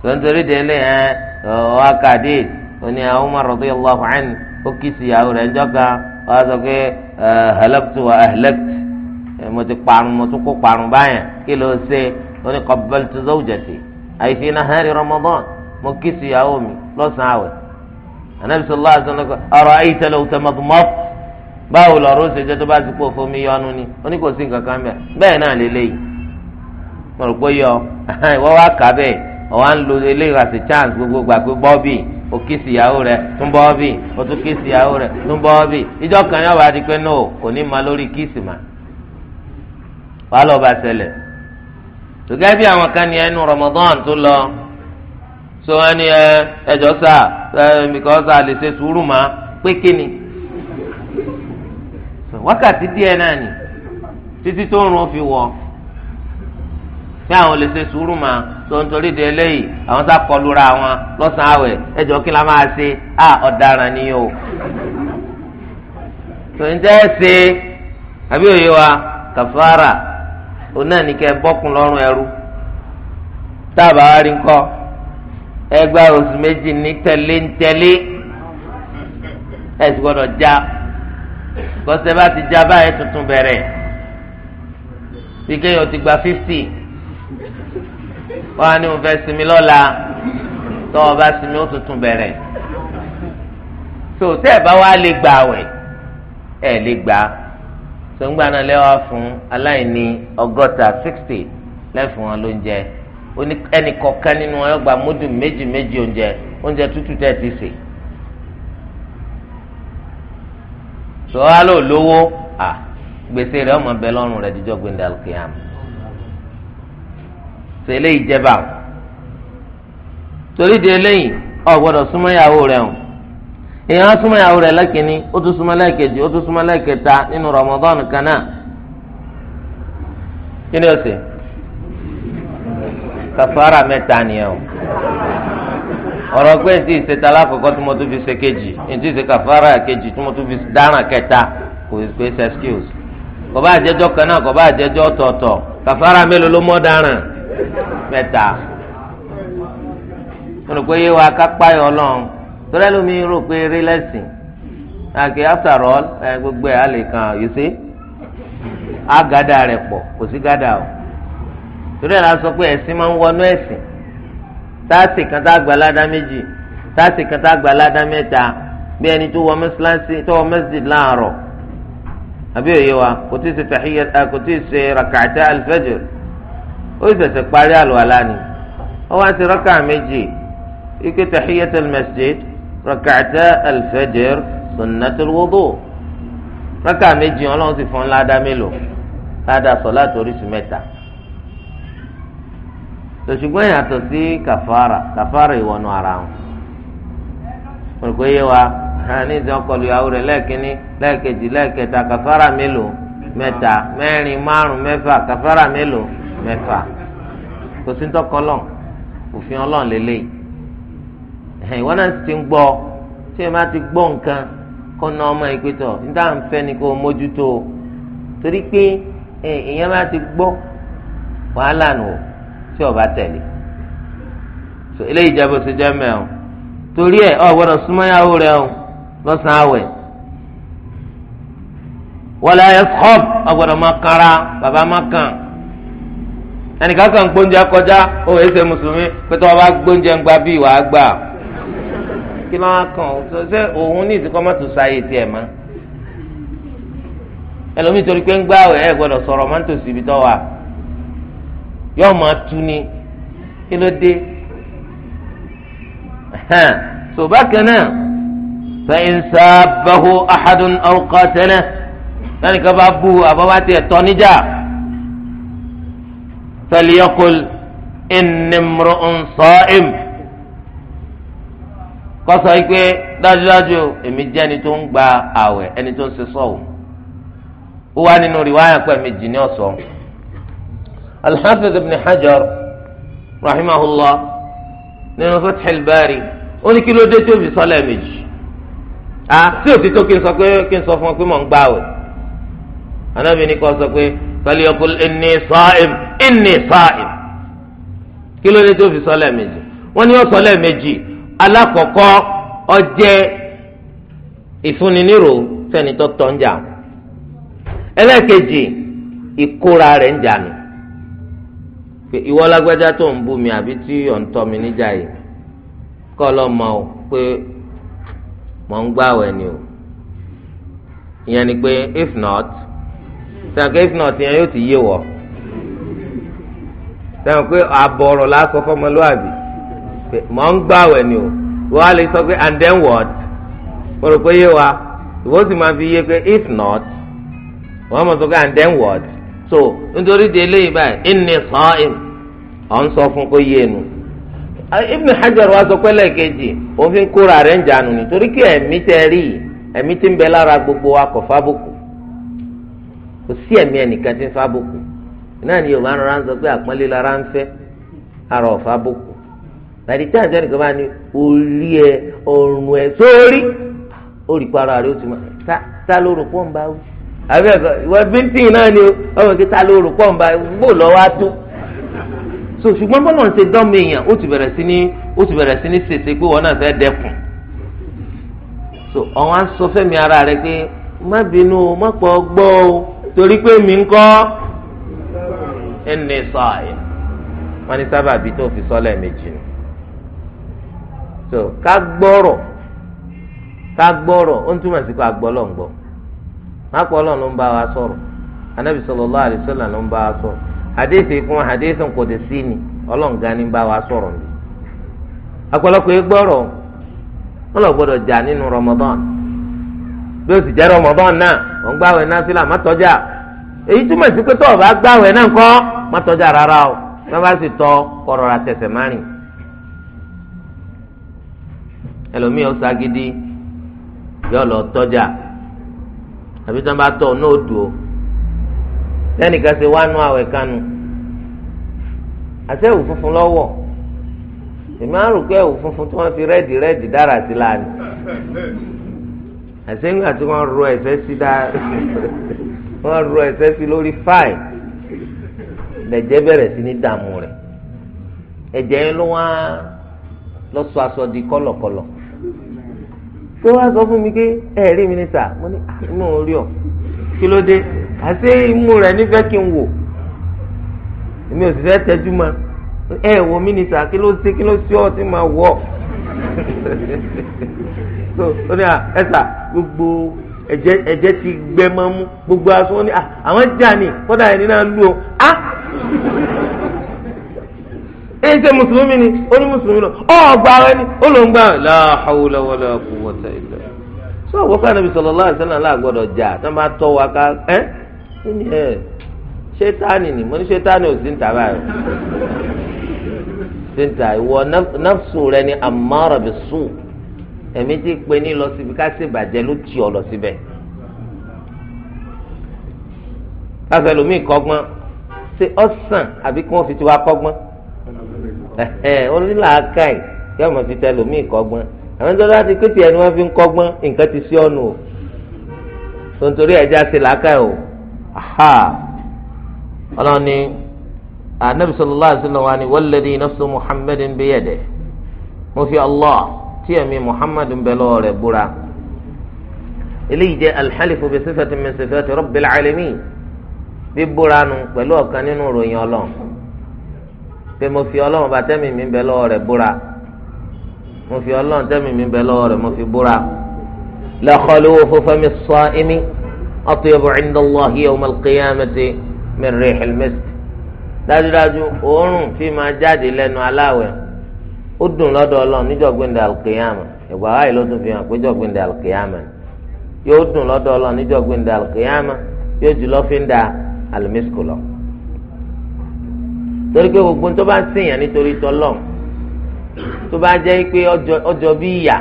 tó nítorí de eléyìí akadé oní àwọn ó kí wọ́n á sọ pé halaktu wa ahlakt mo ti parun mo tún kó parun báyẹn kí ló ṣe ó ní qabbaltu zawjati ay fi nahari ramadan mo kí sí ìyàwó mi lọ́sàn-án àwẹ̀ anabi sallallahu alaihi wa sallam ara'ayta law tamadmadtu báwo lọ̀rọ̀ ó ṣe jẹ́ tó bá ti pò fomi yọnu ni ó ní kò sí nǹkan kan bẹ́ẹ̀ bẹ́ẹ̀ náà lélẹ́yìí o kí ìsìyàwó rẹ tó ń bọ́ bì o tún kí rẹ tó ń bọ́ ìjọ kan yóò wá di pé no kò ní ma lórí kíìsì ma wàá lọ bá ṣẹlẹ̀ tògẹ́ bí àwọn kan ní ẹnu Ramadan tó lọ so wọn ni ẹ ẹjọ lè fi wọ̀ ní àwọn lè ṣe sùúrù mà tó ń torí de eléyìí àwọn sá kọlura wọn lọ́sàn-án àwẹ̀ ẹjọ́ kí la máa ṣe à ọ̀daràn ni o. tó ń tẹ́ ṣe àbí òye wa kàfàrà òun náà ní kẹ́ bọ́kùn lọ́rùn ẹrú táàbà wa rí nkọ́ ẹgbẹ́ oṣù méjì ní tẹ̀lé ń tẹ̀lé ẹ̀ sì gbọ́dọ̀ já kọ́sẹ́ bá ti já báyìí tuntun bẹ̀rẹ̀ bí ti gba fifty wọ́n ni ní mo fẹ́ sinmi lọ́la tọ́ ọ bá sinmi ó tuntun bẹrẹ so tẹ ẹ̀ bá wá lè gbà wẹ̀ ẹ̀ lè gbà tó ń gbà náà lẹ́wọ̀ fún aláìní ọgọ́ta sixty lẹ́fún wọn ló ń jẹ ẹnì nínú wọn yóò gba módù méjì méjì oúnjẹ oúnjẹ tútù tẹ́ ti sè. lò lówó gbèsè ọmọ sọ eléyìí jẹba torí di eléyìí ọ gbọ́dọ̀ súnmọ́ ìyàwó rẹ o èèyàn súnmọ́ ìyàwó rẹ lẹ́kìnní ó tún súnmọ́ lẹ́kẹ̀jì ó tún súnmọ́ lẹ́kẹta nínú Ramadan kan náà kí ni o sè kàfàrà mẹ́ta nìyẹn o ọ̀rọ̀ pé ntí ìṣètà alákọ̀ọ́kọ́ tí mo tún fi ṣe kejì ntí ìṣe kàfàrà kejì tí mo tún fi dáràn kẹta kò excuse kò bá mẹ́ta mo rò pé yé wa kápá yọ ọlọ́run torí ẹlòmíì rò pé eré lẹ́sìn after all ẹ gbogbo ẹ á lè kàn yìí ṣe á rẹ kò sí o torí la sọ pé máa ń wọnú táàsì kan tá ládá méjì táàsì kan tá ládá bí ẹni tó wọ mẹ́sàlásì tó wọ mẹ́sìd àbí òye wa kò tí ì ṣe kò ó ṣẹ̀ṣẹ̀ parí àlùwàlá ni ó wá sí rọ́kà méjì ike tahiyatul masjid rakata alfajr sunnatul wudu rọ́kà méjì ọlọ́run ti fún ládá mélòó ládá sọ̀láàtì oríṣi mẹ́ta tòṣùgbọ́n yàtọ̀ sí kàfàrà kàfàrà ìwọ̀nù ara wọn olùkọ́ yé wa ní ìsìn ọkọlù ìyàwó rẹ̀ lẹ́ẹ̀kínní lẹ́ẹ̀kejì lẹ́ẹ̀kẹta kàfàrà mélòó mẹ́ta mẹ́rin márùn mẹ́fà kàfàrà mélòó mẹ́fà kò sí ntọ́kọ́lọ̀ òfin ọlọ́run lélẹ̀ ìwọ náà ti ń gbọ́ tí ẹ má ti gbọ́ nǹkan kọ́ ná ọmọ yìí pétọ̀ níta ń fẹ́ ni kò mójútó o torí pé èèyàn má ti gbọ́ wàhálà nù tí ọba tẹ̀lé so eléyìí jẹ́ bó ṣe jẹ́ mẹ́rin torí ẹ̀ ọ̀ gbọ́dọ̀ súnmọ́yàwó rẹ o lọ́sàn-án àwẹ̀ wọ́n lọ ẹ̀ fọ́ọ̀bù ọ̀gbọ́dọ̀ máa kára bàbá máa kàn ẹnìkan kan gbóúnjẹ kọjá ó yẹ ṣe mùsùlùmí pé tó o bá gbóúnjẹ ń gba bí ìwà gbà kí ló wá kàn ó ṣe òun ní ìsìnkọ́ mọ́tò sáyé tiẹ̀ mọ́ ẹlòmíì torí pé ń gbá ẹ̀ gbọ́dọ̀ sọ̀rọ̀ mọ́tò síbi tó wà yóò máa tu ni kí ló dé so bákan náà fẹ́yìn sábàá ahadun ọ̀kọ́ tẹ́lẹ̀ lẹ́nìkan bá bú àbáwá tiẹ̀ tọ́ níjà fẹlẹ́kùl إن sọ́ọ̀m صائم yìí pé dájúdájú èmi jẹ́ ẹni tó ń gba àwẹ̀ ẹni tó ń ṣe sọ́ọ̀ ó wá nínú rìwáyà pé èmi jì ní ọ̀sán alḥafiz ibn hajar rahimahullah nínú fathil bari ó ní kí ló dé tóbi sọ́lẹ̀ méjì àti òtítọ́ kí n sọ kí n sọ fún ọ pé mò ń gbààwẹ̀ anábìíní kọ́ sọ pé falyaqul inni sa'im inni sa'im kí ló dé tó fi sọ lẹ́ẹ̀mejì wọ́n ní ó sọ lẹ́ẹ̀mejì alákọ̀ọ́kọ́ ó jẹ́ ìfúnninírò fẹ́ni tó tọ́ ń jà ẹlẹ́ẹ̀kejì ìkóra rẹ̀ ń jà nù pé ìwọ lágbájá tó ń bú mi àbí tí ò ń tọ́ mi níjà yìí kọ́ lọ́ mọ̀ ọ́ pé mọ̀ ń gbàwẹ̀ ni o ìyẹn ni pé if not sẹ́wọ̀n pé if not yẹn yóò ti yé wọ̀ sẹ́wọ̀n pé àbọ̀rọ̀ lásán fọmọlúwàbí mọ̀ ń gbàwẹ̀ ni o wọ́n á lè sọ pé and then what mo rò pé yé wa sì máa fi yé pé if not wọ́n mọ̀ sọ pé and then what so nítorí de eléyìí báyìí inni sa'im ọ̀ ń sọ fún kó yé nu Ibn Hajar wa sọ pé lẹ́ẹ̀kejì òfin kóra rẹ̀ ń ni torí kí ẹ̀mí tẹ́ rí ẹ̀mí tí ń bẹ lára gbogbo wa kò sí ẹ̀mí ẹnìkan tí ń fa bòkù náà ni yorùbá rọra ń sọ pé àpọ́nlé lára ń fẹ́ ara ọ̀fà bòkù láti tí àjọ nìkan bá ní orí ẹ ọrùn ẹ sórí ó rí pa ara rẹ ó ti mọ ta ló rò pọ́n bá wí àbí ẹ̀kọ́ ìwọ bíntín náà ni ọmọ kí ta ló rò pọ́n bá gbò lọ́wọ́ á tó so ṣùgbọ́n bọ́lọ̀ ń ṣe dánmọ èèyàn ó ti bẹ̀rẹ̀ sí ní ó ti bẹ̀rẹ̀ sí ní ṣèṣe pé wọn náà fẹ́ dẹkùn so ọ̀hún á sọ fẹ́mi ara rẹ pé má bínú o má pọ̀ gbọ́ o torí pé mi ń kọ́ ẹnì fi sọ́lẹ̀ méjì so ká gbọ́rọ̀ ká gbọ́rọ̀ ó ń túmọ̀ sí pé agbọ́lọ̀ ń gbọ́ mápọ̀lọ̀ ló ń bá wa sọ̀rọ̀ anábì sallallahu alaihi wasallam ló ń bá wa sọ̀rọ̀ hadith kò dé Ramadan. bí ó sì jẹ́ Ramadan náà ò ń gbàwẹ̀ náfìlà má tọ́jà èyí túmọ̀ sí pé tó o bá gbàwẹ̀ náà kọ́ má tọ́jà rárá o má bá sì tọ́ kọ̀rọ̀ ra tẹ̀sẹ̀ má ẹlòmíì ó ságídí yóò lọ tọ́jà àbí tí wọ́n bá tọ̀ náà dùn o lẹ́nìkan ṣe wá nú àwẹ̀ kanu àṣẹ́wò funfun lọ́wọ́ èmi á rò pé funfun tí wọ́n fi rẹ́ẹ̀dì rẹ́ẹ̀dì dára sí láàánú. àṣẹ́yìngbà tí wọ́n rọ ẹ̀sẹ̀ sí dáa wọ́n rọ ẹ̀sẹ̀ sí lórí fáì lẹ̀jẹ̀ bẹ̀rẹ̀ sí ní dààmú rẹ̀ ẹ̀jẹ̀ yẹn ló wá lọ sọ aṣọ di kọ̀lọ̀kọ̀lọ̀ tó wá sọ fún mi pé ẹ rí mínísítà mo ní àmọ́ ah, orí ọ̀ kí ló dé àṣé imú rẹ̀ nífẹ̀ẹ́ kí n wò èmi ò sì fẹ́ tẹjú mọ́ ẹ wò mínísítà kí ló ṣe kí ló ṣe ọ́ tí mo wọ̀ so ó ní à ẹ̀sà gbogbo ẹ̀jẹ̀ ẹ̀jẹ̀ ti gbẹ mọ́ mú gbogbo aṣọ ó ní à àwọn jà ní kódà ẹni náà lù ó á ẹ ṣe mùsùlùmí ni ó ní mùsùlùmí lọ ọ gba ara ẹni ó ló ń gbà la hawla wala quwwata illa so àwọn kan Nabi sallallahu alaihi wasallam láàgbọ́dọ̀ jà tó máa tọ́ wa ká ẹ́ ṣé tani ni mo ní ṣé tani ò sí ń tà báyìí ti ń ta ìwọ nafsu rẹ ni amara bisu ẹ̀mí ti pe ní lọ síbi ká sì bàjẹ́ ló tì ọ lọ síbẹ̀ káfẹ́ lomi kọ́gbọ́n ṣe ọ̀sán àbí kí wọ́n fi ti wá kọ́gbọ́n ẹ̀hẹ́ onílàákà ẹ̀ kí wọ́n fi tẹ lomi kọ́gbọ́n àwọn ìjọba láti pété ẹni wọ́n fi ń kọ́gbọ́n nǹkan ti sí ọ̀nù o tontorí ẹ̀já ṣe làákà ẹ̀ o aha ọlọ́ni anabi sallallahu alayhi wa sallam wa ni walladhi nafsu muhammadin biyadihi mo fi allah tí ẹ̀mí muhammad ń bẹ lọ́wọ́ rẹ̀ búra eléyìí jẹ́ alḥalifu bi sifati min sifati rabbil alamin bí búra nu pẹ̀lú ọ̀kan nínú ròyìn ọlọ́run mo fi ọlọ́run bá tẹ́mi mi bẹ lọ́wọ́ rẹ̀ mo fi ọlọ́run tẹ́mi mi bẹ lọ́wọ́ mo fi búra la khalufu fami s-sa'imi atyabu 'inda yawma al-qiyamati min rihil dájúdájú oorun fi máa jáde lẹ́nu aláwẹ̀ ó dùn lọ́dọ̀ ọlọ́run níjọ́ gbẹ̀ndẹ̀ ìgbà wáyé ló tún fi hàn péjọ́ gbẹ̀ndẹ̀ alùkìyàmà yóò dùn lọ́dọ̀ ọlọ́run níjọ́ gbẹ̀ndẹ̀ yóò jù fi ń da àlùmísìkò lọ. torí pé gbogbo tó bá ń sèyàn nítorí tọ́lọ́ tó bá jẹ́ pé ọjọ́ bí ìyà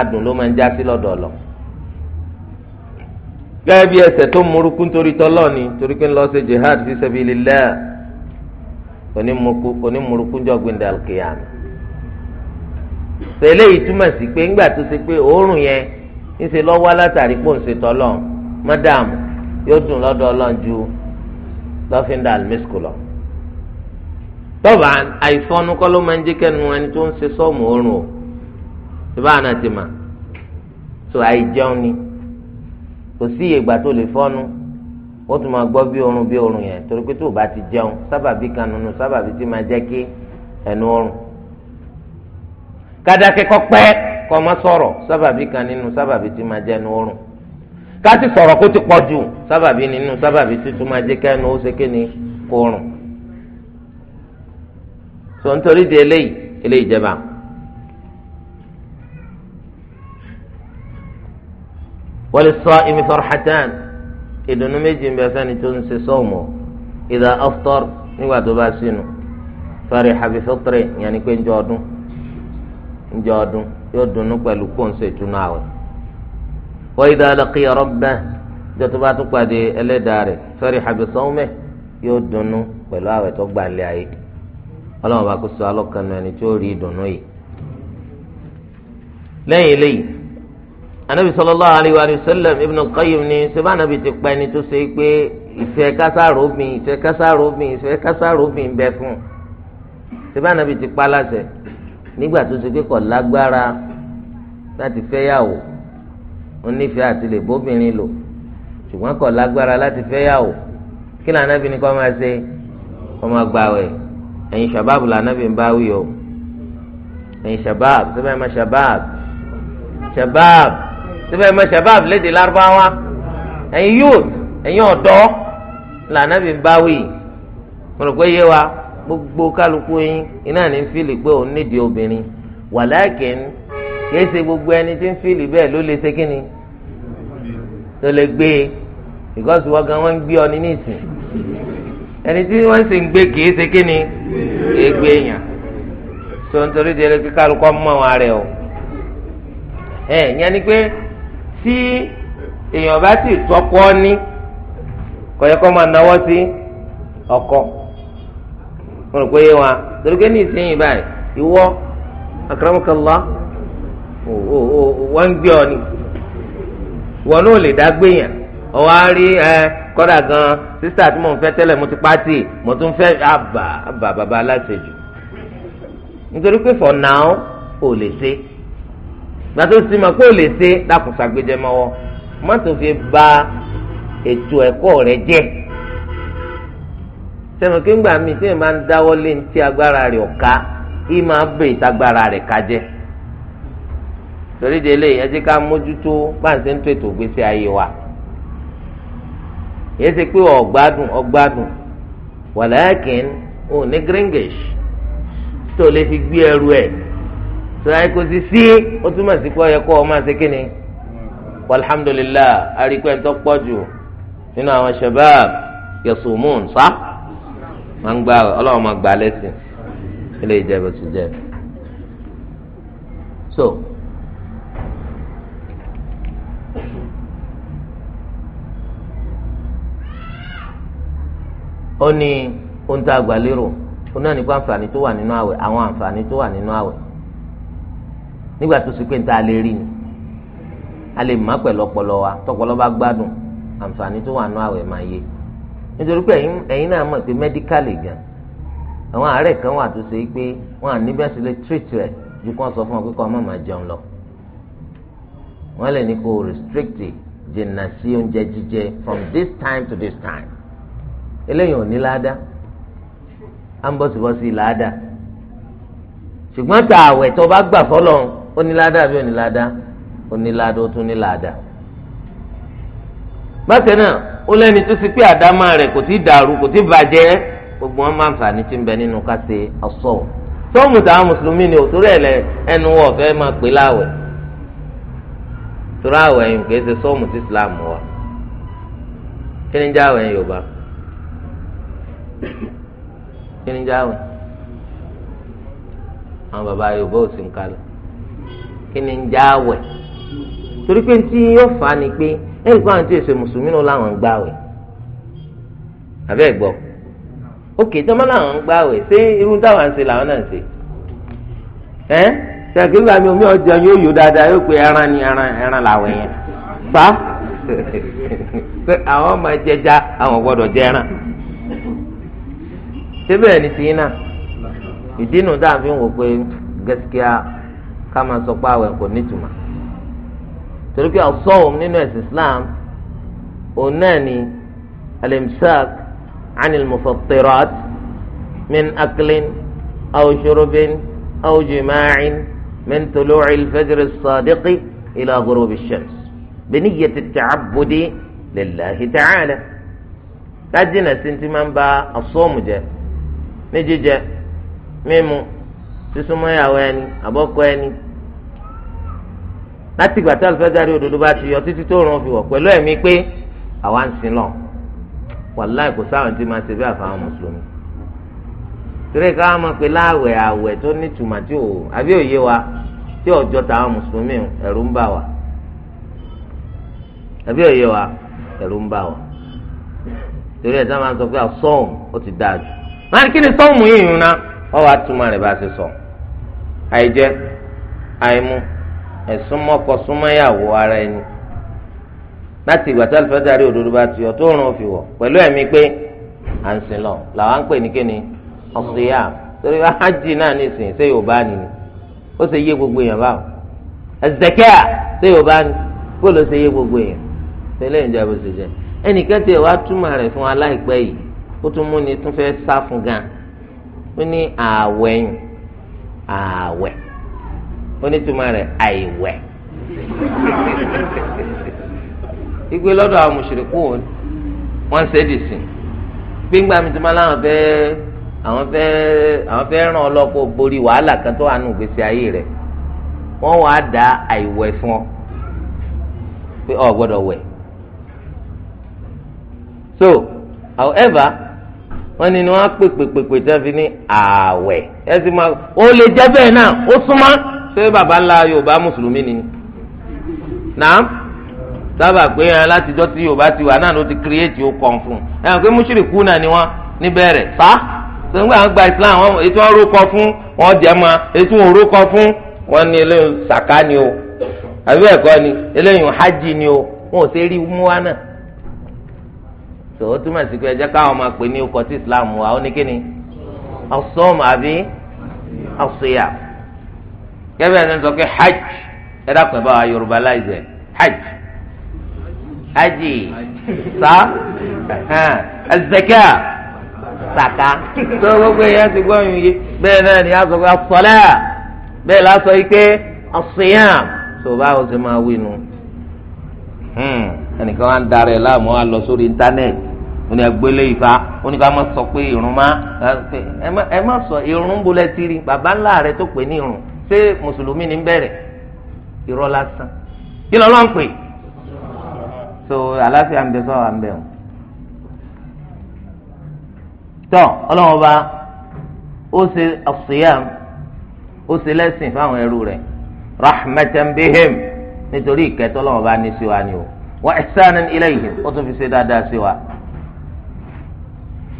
adùn ló máa ń já sí lọ́dọ̀ gẹ́gẹ́ bí ẹsẹ̀ tó murukú nítorí onímurukú jọ gbẹndẹ alkiyama tẹlẹ yìí si sí pé ńgbà tó ṣe pé òórùn yẹn ń ṣe lọ́wọ́ látàrí pò ń ṣe tọ́lọ̀ mọ́dàmù yóò dùn lọ́dọ̀ lọ. tọ́ba àìfọ́nú kọ́ ló máa ń jẹ́ kẹ́nu ẹni o ṣùgbọ́n àná ti mà tó àìjẹun ni kò sí tó lè ó tún máa gbọ́ bí oorun bí oorun yẹn torí pé tó o bá ti jẹun sábàbí kan nínú sábàbí tí máa jẹ́ kí ẹnu oorun kádàkẹ́ kọ́ pẹ́ kọ́ má sọ̀rọ̀ sábàbí kan nínú sábàbí tí máa jẹ́ ẹnu oorun káti sọ̀rọ̀ kó ti pọ̀ jù sábàbí nínú sábàbí tí tó máa jẹ́ kí ẹnu ó ṣe kí ni kó rùn nítorí di eléyìí eléyìí jẹba. wal-sā'imi farḥatán ìdùnnú méjì ń bẹ fẹ́ni tó ń ṣe sọ́ọ̀mù ìdá aftar nígbà tó bá sínú fariha bi yẹn ni pé ń ọdún ń ọdún yóò dunnú pẹ̀lú kóńsó ìtúnu àwẹ̀ wa idha laqiya rabbah jọ tó bá tún pàdé ẹlẹ́dàá rẹ̀ fariha yóò dunnú tó gbà lé ayé sọ anabi sallallahu alayhi wa sallam ibn al-qayyim ni sèbá anabi ti pa ẹni tó ṣe pé ìfẹ́ kásáàrò bìn ìfẹ́ kásáàrò bìn ìfẹ́ kásáàrò bìn bẹ fún sèbá anabi ti pa láṣẹ nígbà tó ṣe pé kò lágbára láti fẹ́yàwó onífẹ́ àti lè bóbìnrin lò ṣùgbọ́n kò lágbára láti fẹ́yàwó kí ni ni kò máa ṣe kò máa gbààwẹ̀ ẹ̀yin shabab la ń bá o ẹ̀yin shabab sẹ́bẹ̀ ẹ̀ máa shabab shabab síbẹ̀ mọ shabab léde lárúbáwá ẹ̀yin youth ẹ̀yin ọ̀dọ́ lànà bí n bá wí yé wa gbogbo kálukú yín iná ní fílì pé òun nídìí obìnrin wàláàkín kìí ṣe gbogbo ẹni tí ń fílì bẹ́ẹ̀ ló lè ṣe kí ni ló lè gbé e because wọ́n gan wọ́n ń gbé ọ ní nísìn ẹni tí wọ́n sì ń gbé kìí ṣe ni kìí gbé èèyàn tó ń torí di ẹlẹ́kí kálukú ọmọ wọn rẹ o ẹ̀ ìyẹn ni pé tí èèyàn bá sì tọ́kọ ní kọ̀yẹ́ kọ́ máa náwó sí ọkọ mo rò pé yé wa torí pé ní ìsinyìí báyìí ìwọ akramakallah wọ́n ń gbé ọ ni wọ́n náà lè dá gbé yàn ọwọ́ á rí ẹ kọ́dà gan sísá tí mò ń fẹ́ tẹ́lẹ̀ mo ti pàtì mo tún fẹ́ àbà àbà bàbá aláṣejù nítorí pé for now ò lè ṣe gbàtó sì mà kó lè ṣe dákùsà gbẹjẹmọwọ mọtò fi ba ètò ẹ̀kọ́ rẹ̀ jẹ́ sẹmọ kí ngbà mí tí èèyàn máa ń dáwọ́ lé ní ti agbára rẹ̀ ọ̀ka yìí máa bẹ ìtagbára rẹ̀ kájẹ́ torí délé ẹ jẹ́ ká mójútó báńsẹ ń tó ètò ìgbésí ayé wa yẹ ṣe pé ọgbádùn ọgbádùn wàlẹ́kìn òní gringish tó lè fi gbé ẹrù ẹ̀ sọlá yìí kò sí sí ó túmọ̀ sí kó yẹ kó o máa ṣe kíni alhamdulilayi arikwe tó pọ̀ jù nínú àwọn shabab yasumun sá máa ń gbà ọlọ́run máa gbà lẹ́sìn ilé ìjẹ́bù tó jẹ́ so. ó ní ohun tá a gbà lérò ó náà nípa àǹfààní tó wà nínú àwẹ̀ àwọn àǹfààní tó wà nínú àwẹ̀ nígbà tó sì pé níta lè rí ni a lè má pẹ̀lú ọpọlọ wa tọpọlọ bá gbádùn àǹfààní tó wà nù àwẹ̀ máa yé nítorí pé ẹ̀yin náà mọ̀ pé mẹ́díkàlì gan àwọn àárẹ̀ kan wà tó ṣe é pé wọ́n à níbẹ̀ sí lè treat rẹ̀ ju kó sọ fún ọ pé kó ọmọ máa jẹun lọ wọ́n lè ní kó restrict jìnnà sí oúnjẹ jíjẹ from this time to this time eléyìí ò ní láàdá à ń bọ̀sibọ̀sì láàdá ṣùgbọ́n tààwẹ̀ tó bá gbà fọlọ́run onílàdá àbí onílàdá onílàdá ó tún nílàdá. bákan náà ó lẹ́ni tó ti pé àdámà rẹ̀ kò tí ì dàrú kò tí ì bàjẹ́ gbogbo wọn máa ń fàní tí ń bẹ nínú ká ṣe ọ̀sọ́ ò tóòmù táwọn mùsùlùmí ni òtúrò ẹ̀ lẹ ẹnu wọ̀ fẹ́ máa pè láwẹ̀ tóra àwẹ̀ yìí kò ṣe sọ́ọ̀mù sí Islam wa kí ni jẹ́ àwẹ̀ Yorùbá kí ni jẹ́ àwẹ̀ àwọn bàbá Yorùbá ò sí ń kalẹ̀ kí ni ń já wẹ̀ torí pé tí yóò fà á ni pé ẹ̀rí pé àwọn tí èso mùsùlùmí náà làwọn ń gbà wẹ̀ àbẹ́ ẹ̀ gbọ́ òkè tí wọ́n làwọn ń gbà wẹ̀ ṣé irú táwọn ń ṣe làwọn náà ń ṣe ẹ́ ṣàkíyèsí àmì omi ọjà yóò yọ dáadáa yóò pe ẹran ni ẹran ẹran làwẹ̀ yẹn fa pé àwọn ọmọ ẹjẹjà àwọn gbọ́dọ̀ jẹ ẹran síbẹ̀ ni tìyín náà ìdí nù dáa fi ń wò pé gaskiya ká máa sọ pé àwẹ̀ kò nítumọ̀ torí pé as-sawm nínú ẹ̀sìn Islam òun náà ni al-imsak anil mufattirat min aklin aw shurubin aw jima'in min tulu'i al-fajr as-sadiqi ila ghurubi ash-shams bi niyyati lillahi ta'ala ká jìnnà máa ń ba as jẹ ní mímu sísúnmọ́ ìyàwó ẹni àbọ́kọ ẹni láti ìgbà tí alifájàre òdodo bá ti yọ títí tó rán fi wọ̀ pẹ̀lú ẹ̀mí pé àwa ń sin lọ wàláì kò sáwọn tí máa ṣe bí àfàwọn mùsùlùmí torí ká wọn máa pe láàwẹ̀ àwẹ̀ tó nítumọ̀ tí ò àbí òye wa tí ọjọ́ táwọn mùsùlùmí ẹ̀rù ń bà wá àbí òye wa ẹ̀rù ń bà wá torí ẹ̀ sábà ń sọ pé àsọ̀hún ó ti dáa jù. máa kí ni sọ́ọ̀mù yìí yìí ná ọ wàá túmọ̀ rẹ̀ bá ṣe sọ̀hún àìjẹ àìmu ẹ̀súnmọ́kọ súnmọ́yàwó ara ẹni láti ìgbà tí alifájàre òdodo bá ti yọ tó rùn òfin wọ̀ pẹ̀lú pé à ń sìn lọ làwọn ń pè ní kíni ọ̀sìyà torí hajj náà ní ìsìn ṣé Yorùbá ni ni ó ṣe yé gbogbo èèyàn báwo ẹ̀zẹ̀kẹ́à ṣé Yorùbá ni bó ló ṣe yé gbogbo èèyàn ṣe lẹ́yìn ìjà bó ṣe jẹ ẹnìkan tí wàá túmọ̀ rẹ̀ fún aláìpẹ́ yìí ó tún múni tún fẹ́ sá fún gan ó ní ààwẹ̀yìn ààwẹ̀ onítùmọ̀ rẹ̀ àìwẹ̀ igbe lọ́dọ̀ àwọn mùsùlùkù wọ́n ṣe é dì sí gbígbà mi ti máa láwọn fẹ́ẹ́ àwọn fẹ́ àwọn fẹ́ ràn ọ́ lọ́pọ̀ borí wàhálà kan tó wà nù gbèsè ayé rẹ̀ wọ́n wàá da àìwẹ̀ fún ọ pé ọ gbọ́dọ̀ wẹ̀ so however wọ́n ní ni wọ́n á pè pè pè pè tí wọ́n fi ní ààwẹ̀ ẹ sì máa ó lè jẹ́ bẹ́ẹ̀ náà ó súnmọ́ ṣé baba ńlá yorùbá mùsùlùmí ni náà sábà pé ẹ látijọ́ tí yorùbá ti wà náà ló ti kírẹ́ẹ̀tì ó kàn fún un ẹ pé mùṣírìkù náà ni wọ́n níbẹ̀rẹ̀ sá sọ́ngbà wọn gba islam wọn ètò wọn rókọ fún wọn jẹ́ ma ètò wọn rókọ fún wọn ní eléyìí sàká ni o àbí ẹ̀kọ́ ni eléyìí hajj ni o wọn ò sẹ́ rí mú wa náà tó o túmọ̀ sí pé ẹ jẹ́ káwọn máa pè ní ọkọ̀ tí islam wà ó ní kíni ọ̀sọ́m àbí ọ̀sọ́yà kẹ́bí ẹ̀ sọ pé hajj ẹ dákun bá wa yorùbá láìsẹ̀ hajj hajj sa ẹ̀sẹ̀kẹ́ sàkà tó gbogbo èèyàn ti gbọ́ yìí yé bẹ́ẹ̀ náà ni a sọ pé asọ́lẹ̀ bẹ́ẹ̀ lásọ yìí pé ọ̀sọ́yà tó báwo ṣe máa wí nu. Hmm. ẹnìkan wá ń darẹ̀ láàmú wa lọ sórí íńtánẹ́ẹ̀tì ó ní agbélé ìfà ó ní ká má sọ pé irun má ẹ má sọ irun bolẹ̀ tiri bàbá ńlá rẹ tó pè ní irun ṣé mùsùlùmí ni ń bẹ̀rẹ̀ irọ́ lásán kí lọ́lọ́ ń pè so àlàáfíà ń bẹ sọ́wọ́ à ń bẹ̀ wọn. tọ́ ọlọ́run ọba ó ṣe àṣìyàm ó ṣe lẹ́sìn fáwọn ẹrú rẹ̀ rahmatan bihim nítorí ìkẹtọ́ lọ́wọ́ bá ní sí wa ni o wa ihsanan ilayhim ó tún fi ṣe dáadáa sí wa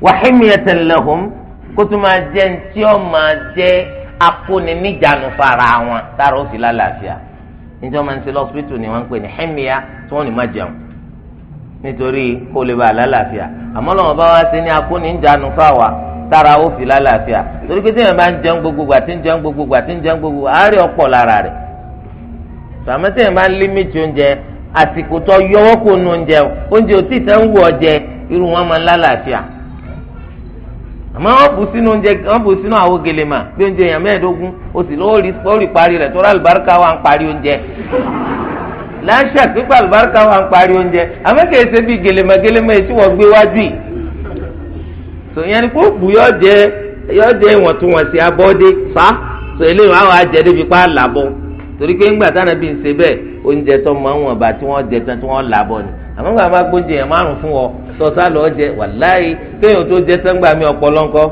wa himyatan lahum kó tún máa jẹ́ ntí ó máa jẹ́ akóni níjànú fara wọn tára ó sì lálàáfíà níjọ́ máa ń ṣe lọ́sibítù ni wọ́n ń pè ní himya tí wọ́n ní má jẹun nítorí kó lè bá lálàáfíà àmọ́ lọ́wọ́ bá wá sí ní akóni níjànú fáwa tára ó fi lálàáfíà torí pé tí èèyàn bá ń jẹun gbogbo tí ń jẹun gbogbo tí ń jẹun gbogbo àárẹ̀ ọ̀pọ̀ lára rẹ̀ sàmẹsẹ yẹn bá ń lé méjì oúnjẹ àsìkò tó yọwọ́ kó nu oúnjẹ oúnjẹ ò tí ì sẹ́ń wù ọ jẹ irú wọn máa ń lálàáfíà àmọ́ wọ́n bù sínú oúnjẹ wọ́n bù sínú àwo gèlè mà bí oúnjẹ yẹn mẹ́ẹ̀ẹ́dógún o sì lọ́wọ́ rí parí rẹ̀ tó àlùbáríkà wa ń parí oúnjẹ láṣà pípa àlùbáríkà wa ń parí oúnjẹ àmọ́ kìí ṣe bí gèlèmọ̀ gèlèmọ̀ èyí tí wọ́n gbé wájú yìí tò yẹn ni kó bù yọ jẹ yọ jẹ ìwọ̀ntúnwọ̀nsì abọ́dé fa tò eléyìí wọn àwọn àjẹdẹ́bí pa làbọ̀ torí pé ńgbà táwọn ẹbí ń ṣe bẹ́ẹ̀ oúnjẹ tó máa ń wọ̀n bá tí wọ́n jẹ tán tí wọ́n là bọ̀ ni àmọ́ gbà máa gbóúnjẹ yẹn márùn fún ọ sọ́sá lọ́ọ́ jẹ wàláyé kéèyàn tó jẹ tán gbà mí ọpọlọ ńkọ́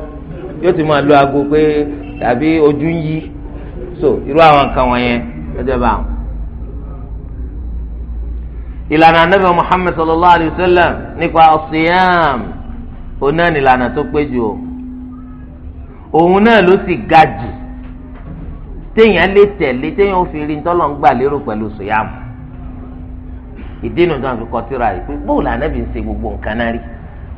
yóò ti máa lo aago pé tàbí ojú ń yí so irú àwọn nǹkan wọ̀nyẹn ẹjẹ bá wọn. ìlànà anábì Muhammad sallallahu alayhi wa sallam nípa ọ̀sìyàm òun náà ni ìlànà tó pé jù òun náà ló sì ga jù téèyàn lè tẹ̀lé téèyàn ò fi rí ntọ́lọ̀ ń gbà lérò pẹ̀lú sòyàmù ìdínú tó ń fi kọtíra yìí pé bóòlù ànábì ń gbogbo nǹkan náà rí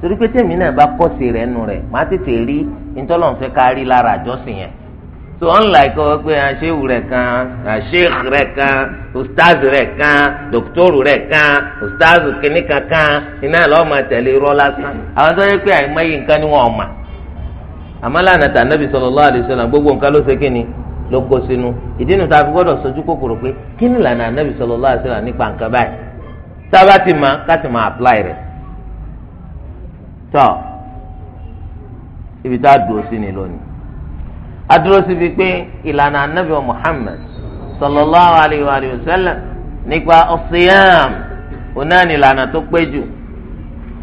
torí pé tèmi náà bá kọ́sì rẹ̀ nù rẹ̀ má tètè rí ntọ́lọ̀ ń fẹ́ ká rí lára àjọsìn yẹn so unlike ọ pé aṣẹ́wù rẹ̀ kan aṣẹ́k rẹ̀ kan ustaz rẹ̀ kan dọ́kítọ́rù rẹ̀ kan ustaz kìnnìkan kan iná lọ́ọ́ máa tẹ̀lé irọ́ lásán àwọn tó yẹ ló kó sínú ìdí nu ta fi kòkòrò pé kí ni lànà anabi sallallahu alaihi wasallam nípa nǹkan báyìí sábà ti máa ká ti máa apply ibi tá a dúró sí ni lónìí a fi pé ìlànà anabi muhammad sallallahu alaihi wa sallam nípa ọ̀sìyàm òun náà ni ìlànà tó pé jù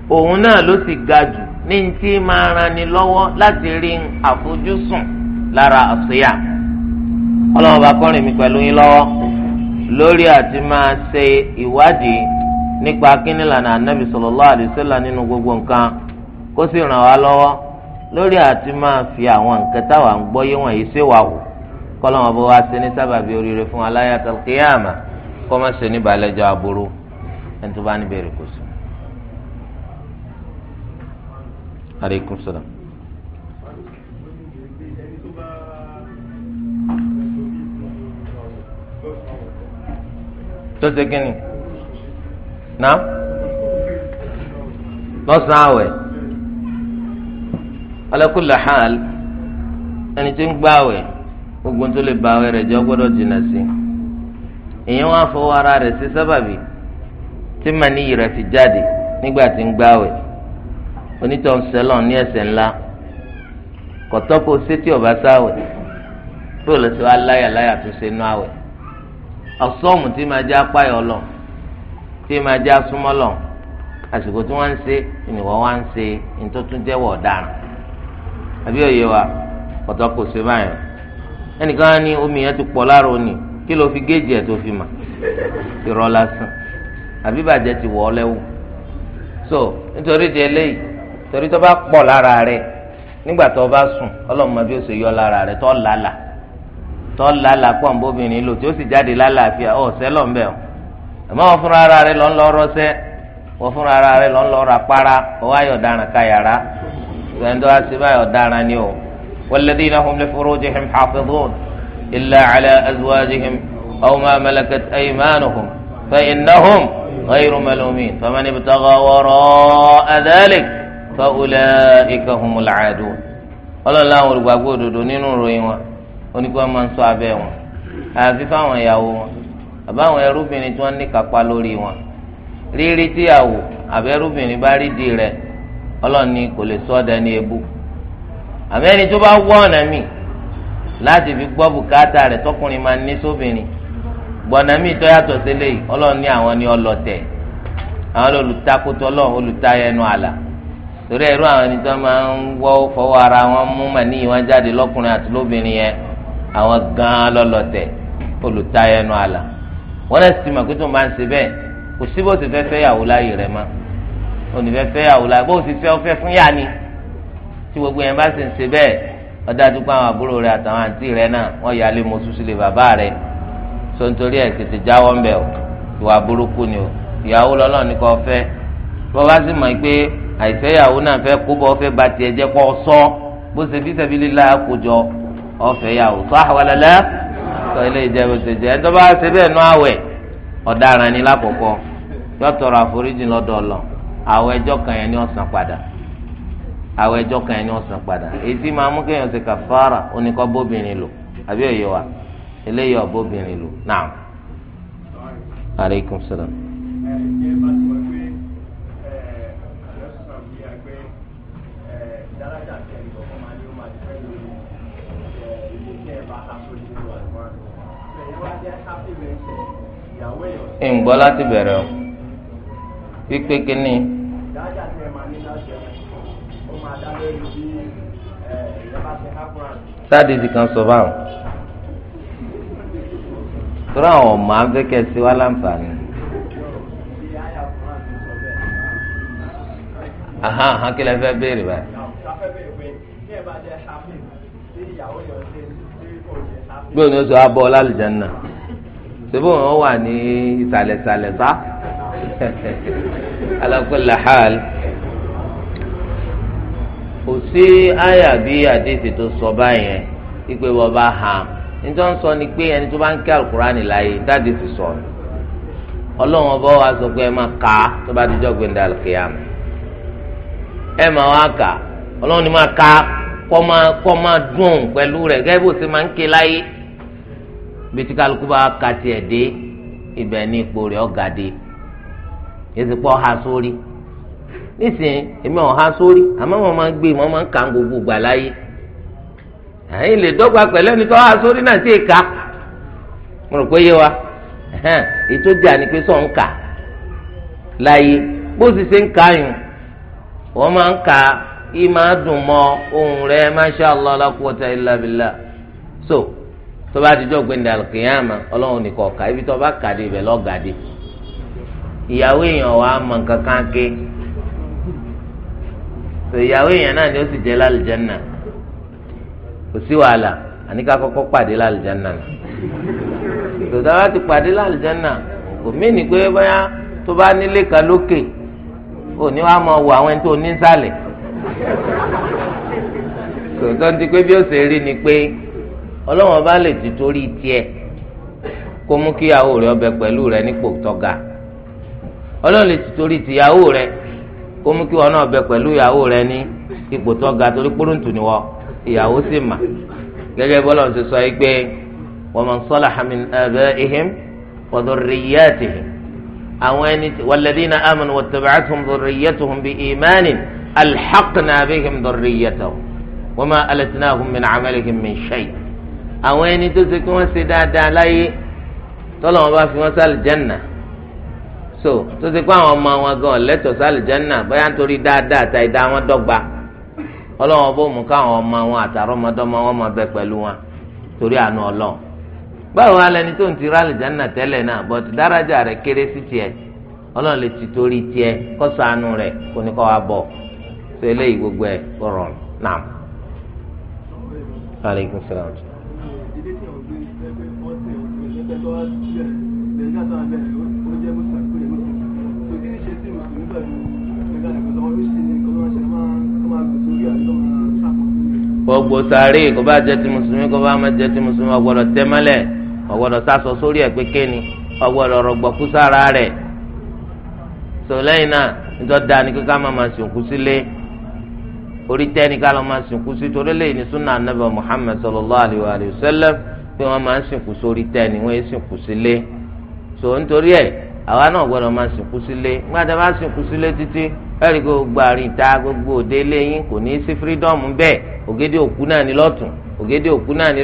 òun náà ló sì ga jù ní ti ọlọ́run bá kọ́rin mi pẹ̀lú yín lọ́wọ́ lórí àti máa ṣe ìwádìí nípa kíni lànà nínú gbogbo nǹkan kó sì ràn wá lọ́wọ́ lórí àti máa fi àwọn nǹkan táwa ń gbọ́ yé wọ̀nyí ṣe wà wò kọ́lọ́run wá ṣe tó ṣe kínni náà lọ́sàn-án àwẹ̀ ala kulli hal ẹni tí ń gbà àwẹ̀ gbogbo tó lè ba àwẹ̀ rẹ̀ jẹ́ gbọ́dọ̀ jìnnà sí èèyàn wá fọwọ́ ara rẹ̀ sí sábàbí tí màníyì rẹ̀ fi jáde nígbà tí ń gbà àwẹ̀ onítọ̀ sẹ́lọ̀ ní ẹ̀ṣẹ̀ ńlá kọ̀tọ́kọ̀ sétí ọ̀bá sáwẹ̀ tó lọ sí tó ṣe nú àwẹ̀ ọsọọmù tí máa jẹ apáyọ lọ tí máa jẹ asúmọ lọ àsìkò tí wọn ń ṣe ìnìwọ wa ń ṣe ntótún jẹwọ ọ̀daràn àbí òye wa ọtọ kò ṣe báyìí ẹnìkan ní omi yẹn ti pọ̀ lára òní kí ló fi géèjì ẹ tó fi mà irọ́ lásán àbí bàjẹ́ ti wọ̀ ọ́ lẹ́wọ̀ so nítorí di eléyìí torí tó bá pọ̀ lára rẹ nígbà tó bá sùn ọlọ́mọ bí ó ṣe yọ lára rẹ tó lálàá tọ́ lálàá pọ̀ nbóbìnrin lò tí ó sì jáde lálàáfíà ọ̀ sẹ́lọ̀ ń bẹ̀ ọ́ àmọ́ wọ́n fúnra ara rẹ̀ lọ ń lọ rọ́ṣẹ́ wọ́n fúnra ara rẹ̀ lọ ń lọ ra para ọwọ́ ayọ̀ daran ka yàrá gbẹ̀ndọ́ àṣìbá ayọ̀ daran ni o walladhina hum li furujihim hafidhun illa ala azwajihim aw ma malakat aymanuhum fa innahum ghayru malumin faman ibtagha wara'a dhalik oníkó máa ń ṣọ́ abẹ́ wọn àyàfi fáwọn ìyàwó wọn àbáwọn ẹrúbìnrin tí wọ́n ní kápá lórí wọn rírí tíyàwó àbẹ́rúbìnrin bá rí di rẹ̀ ọlọ́ni kò lè sọ ọ́dẹ ní ebú àmẹ́ni tó bá wọ́ ọ̀nà mi láti fi gbọ́ bùkátà rẹ̀ tọkùnrin máa ní sóbìnrin gbọ̀nà mi tó yàtọ̀ sílẹ̀ yìí ọlọ́ni àwọn ni ọlọ́tẹ̀ àwọn olùtakùtọ̀ ọlọ́run olùtayẹnu àlà torí ẹ̀rú àwọn ẹni tó máa ń wọ́ fọwọ́ ara wọn mú màníyìí wọn jáde lọ́kùnrin àti lóbìnrin yẹn àwọn gan-an lọ́lọ́tẹ̀ olùtayẹnu àlà wọ́n náà sì mọ̀ pé tó máa ń ṣe bẹ́ẹ̀ kò sí bó ti fẹ́ fẹ́ yàwó láyè rẹ̀ mọ́ onífẹ́ fẹ́ yàwó láyè bó ti fẹ́ fẹ́ fún yà ni tí gbogbo yẹn bá sì ń ṣe bẹ́ẹ̀ ọ̀dájú pé àwọn àbúrò rẹ̀ àtàwọn àǹtí rẹ̀ náà wọ́n yà lé mọ́tò sílé bàbá rẹ̀ tó ń torí tètè jáwọ́ ń o ìwà burúkú ni o ìyàwó lọ́lọ́ ní kò fẹ́ bó bá sì mọ̀ pé àìfẹ́ yàwó náà fẹ́ kó bọ́ fẹ́ ba tiẹ̀ jẹ́ kó sọ bó ṣe fi sẹ́bi lílá àkójọ ọ̀fẹ́ ya wò sọ àwàlẹ́lẹ́ sọ ilé ìjẹ́bù ṣe jẹ́ ẹjọ́ bá ṣe bẹ́ẹ̀ nú àwẹ̀ ọ̀daràn ni lákòókò tọrọ àforíjì lọ́dọ̀ ọ̀lọ́ àwọ̀ ẹjọ́ kan yẹn ni san padà àwọ̀ ẹjọ́ kan yẹn ni san padà èyí máa mú kéèyàn ṣe kàfàrà bóbìnrin lò àbí wa lò náà. salaam. ìǹgbọ́ láti bẹ̀rẹ̀ o wípé kínní. sáàdì ti kan sọ báwọn tóra àwọn ọmọ afẹ́kẹ́ sí wa láǹfààní. ahan ahan kí lè fẹ́ béèrè báyìí. gbọ́dọ̀ ní oṣù abọ́ ọlálùjáná ṣùgbọ́n wọn wà ní ìsàlẹ̀sàlẹ̀ sá alákòlá hàl kò sí àyà bí àdéhìí tó sọ báyẹn ìpè bọba hàn nítorí sọ ni pé ẹni tó bá ń kí alukurani láàyè dáàdì fi sọ ọlọ́run ọba wa sọ pé ẹ máa kà á tó bá dijọ́ gbẹ̀ndà ni máa kà Kọma kọma kọ́ máa dùn pẹ̀lú rẹ̀ gẹ́gẹ́ bó ṣe máa ń ké láyé bí tí kálukú bá ka tiẹ̀ dé ibẹ̀ ní ipò rẹ̀ ọ̀gá dé ha sórí nísìnyí èmi ò ha sórí àmọ́ wọn máa ń gbé wọn máa ń kà ń gbogbo gbà láyé àyìn lè dọ́gba pẹ̀lú ẹni tó sórí náà sí ìka mo wa ètò ni pé ń kà láyé bó sì ṣe ń kà yùn ìmọ̀ dùn mọ́ ohun rẹ̀ masha allah la quwwata illa billah so tó bá dijọ́ gbẹ̀ndẹ̀ alùkìyàmà ọlọ́run nìkan ọ̀ka ibi tó bá kàdé ibẹ̀ lọ́gàdé ìyàwó èèyàn wàá mọ nǹkan ké so ìyàwó èèyàn náà ni ó sì jẹ́ lálùjánnà kò sí wàhálà àníkà kọ́kọ́ pàdé lálùjánnà tó dábàá ti pàdé lálùjánnà kò mí ni pé bóyá tó nílé kan lókè òní wàá mọ wọ àwọn ẹni tó ní sálẹ̀. tòótọ́ ti pé bí ó ṣe rí ni pé ọlọ́wọ́n bá lè ti torí tiẹ̀ kó mú kí ìyàwó rẹ ọbẹ̀ pẹ̀lú rẹ nípò tọ́ga ọlọ́wọ́n lè ti torí ti ìyàwó rẹ kó mú kí wọn náà bẹ pẹ̀lú ìyàwó rẹ ní ipò tọ́ga torí ni ìyàwó sì mà gẹ́gẹ́ ṣe sọ yìí pé àwọn ẹni walladhina amanu wattaba'athum dhurriyyatuhum biimanin alhaqna bihim dhurriyyatahum wama alatnahum min amalihim min shay àwọn ẹni tó ṣe kí wọ́n ṣe dáadáa láyé tọ́lọ̀ wọn bá fi wọ́n sálì jẹ́nà so tó ṣe ọmọ wọn gan lẹ́tọ̀ọ́ sálì jẹ́nà bóyá nítorí dáadáa àti àìdá wọn dọ́gba ọlọ́wọ́n bó mú káwọn ọmọ wọn àtàrọ́mọdọ́mọ wọn máa bẹ pẹ̀lú wọn torí àánú ọlọ́run báwo wá lẹni tó ń ti rálẹ̀ jánà tẹ́lẹ̀ náà but dáràjà rẹ̀ kéré sí tiẹ̀ ọlọ́run lè ti torí tiẹ̀ kó ṣàánú rẹ̀ kó ní kó wá bọ̀ ṣe eléyìí gbogbo ẹ̀ náà. gbogbo sáré kó bá ti mùsùlùmí kó bá má ti mùsùlùmí ọgbọdọ sásọ sórí ẹ̀ pé ọrọgbọ ọ̀gbọ́dọ̀ rọ̀gbọ̀kú sára rẹ̀ tó lẹ́yìn náà nítorí ma ni kíkà máa máa sìnkú sílé orí tẹ́ni ká lọ́ máa sìnkú sí torí lẹ́yìn ní súnà anábà Muhammad sallallahu alayhi wa sallam pé wọ́n máa ń sìnkú sórí tẹ́ni wọ́n yé si sílé tó nítorí ẹ̀ àwa náà máa sílé gbogbo gbogbo òde kò ní sí fírídọ́ọ̀mù bẹ́ẹ̀ òkú náà ní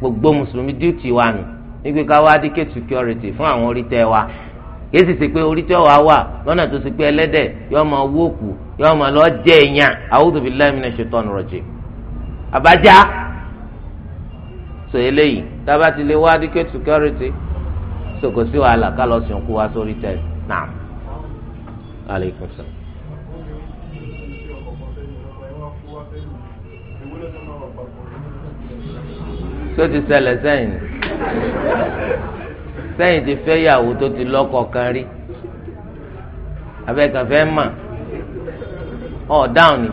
gbogbo mùsùlùmí díùtì wa nù nígbè ká wá advocate security fún àwọn orí tẹ wa kìí sì ṣe pé orí tẹ wa wà lọ́nà tó ṣe pé ẹlẹ́dẹ̀ yọ ọmọ owó òkú yọ ọmọ lọ jẹ èèyàn a'udhu billahi minash shaitani rajim àbájá sọ eléyìí tábà ti lè wá advocate security sọ kò sí wàhálà ká lọ sìnkú wa sórí tẹ náà alaikum salaam. tó ti ṣẹlẹ̀ sẹ́yìn sẹ́yìn ti fẹ́ yàwó tó ti lọ́kọ kan rí abẹ́kan fẹ́ mà ọ̀ dáhùn ni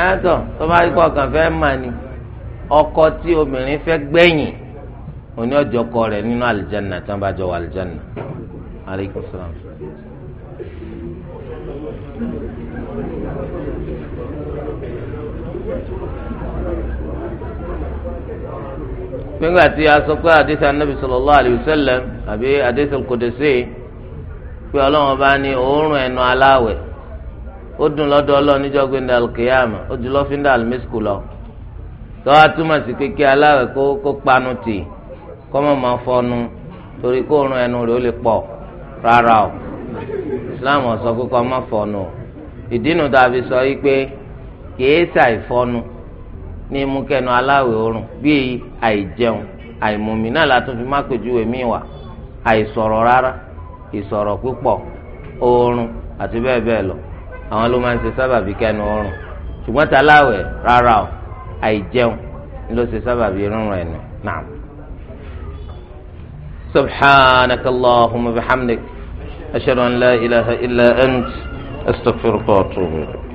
ẹ̀ẹ́dọ̀ tó bá rí kọ̀ọ̀kan fẹ́ mà ni ọkọ tí obìnrin fẹ́ gbẹ̀yìn òní ọjọ́ kọ rẹ̀ nínú àlìjáná tí wọ́n bá jọ wà àlìjáná aleykum salaam. Thank you. nígbà tí a sọ pé àdéhùn anábì sallallahu alayhi wa sallam àbí àdéhùn kòdèsè pé ọlọ́run bá ní òórùn ẹnu aláwẹ̀ ó dùn lọ́dọ̀ ọlọ́run níjọ́ gbẹ̀ndà ó dùn lọ́fíńdà almisku lọ. tọ́wá túmọ̀ sí pé aláwẹ̀ kó kó panu tì kọ́ mọ̀ máa fọnu torí kó òórùn ẹnu rẹ̀ ó lè pọ̀ rárá o Islam ó sọ kọ́ mọ̀ fọnu ìdí ní mú kẹnu aláwẹ̀ oorun bíi àìjẹun àìmumi náà la tún fi má pèjúwe mí wà àìsọ̀rọ̀ rárá ìsọ̀rọ̀ púpọ̀ oorun àti bẹ́ẹ̀ bẹ́ẹ̀ lọ àwọn ló máa ń ṣe sábàbí kẹnu oorun ṣùgbọ́n tá aláwẹ̀ rárá o àìjẹun ló ṣe sábàbí rírun ẹ̀ náà. سبحانك اللهم وبحمدك أشهد أن لا إله إلا أنت أستغفرك وأتوب إليك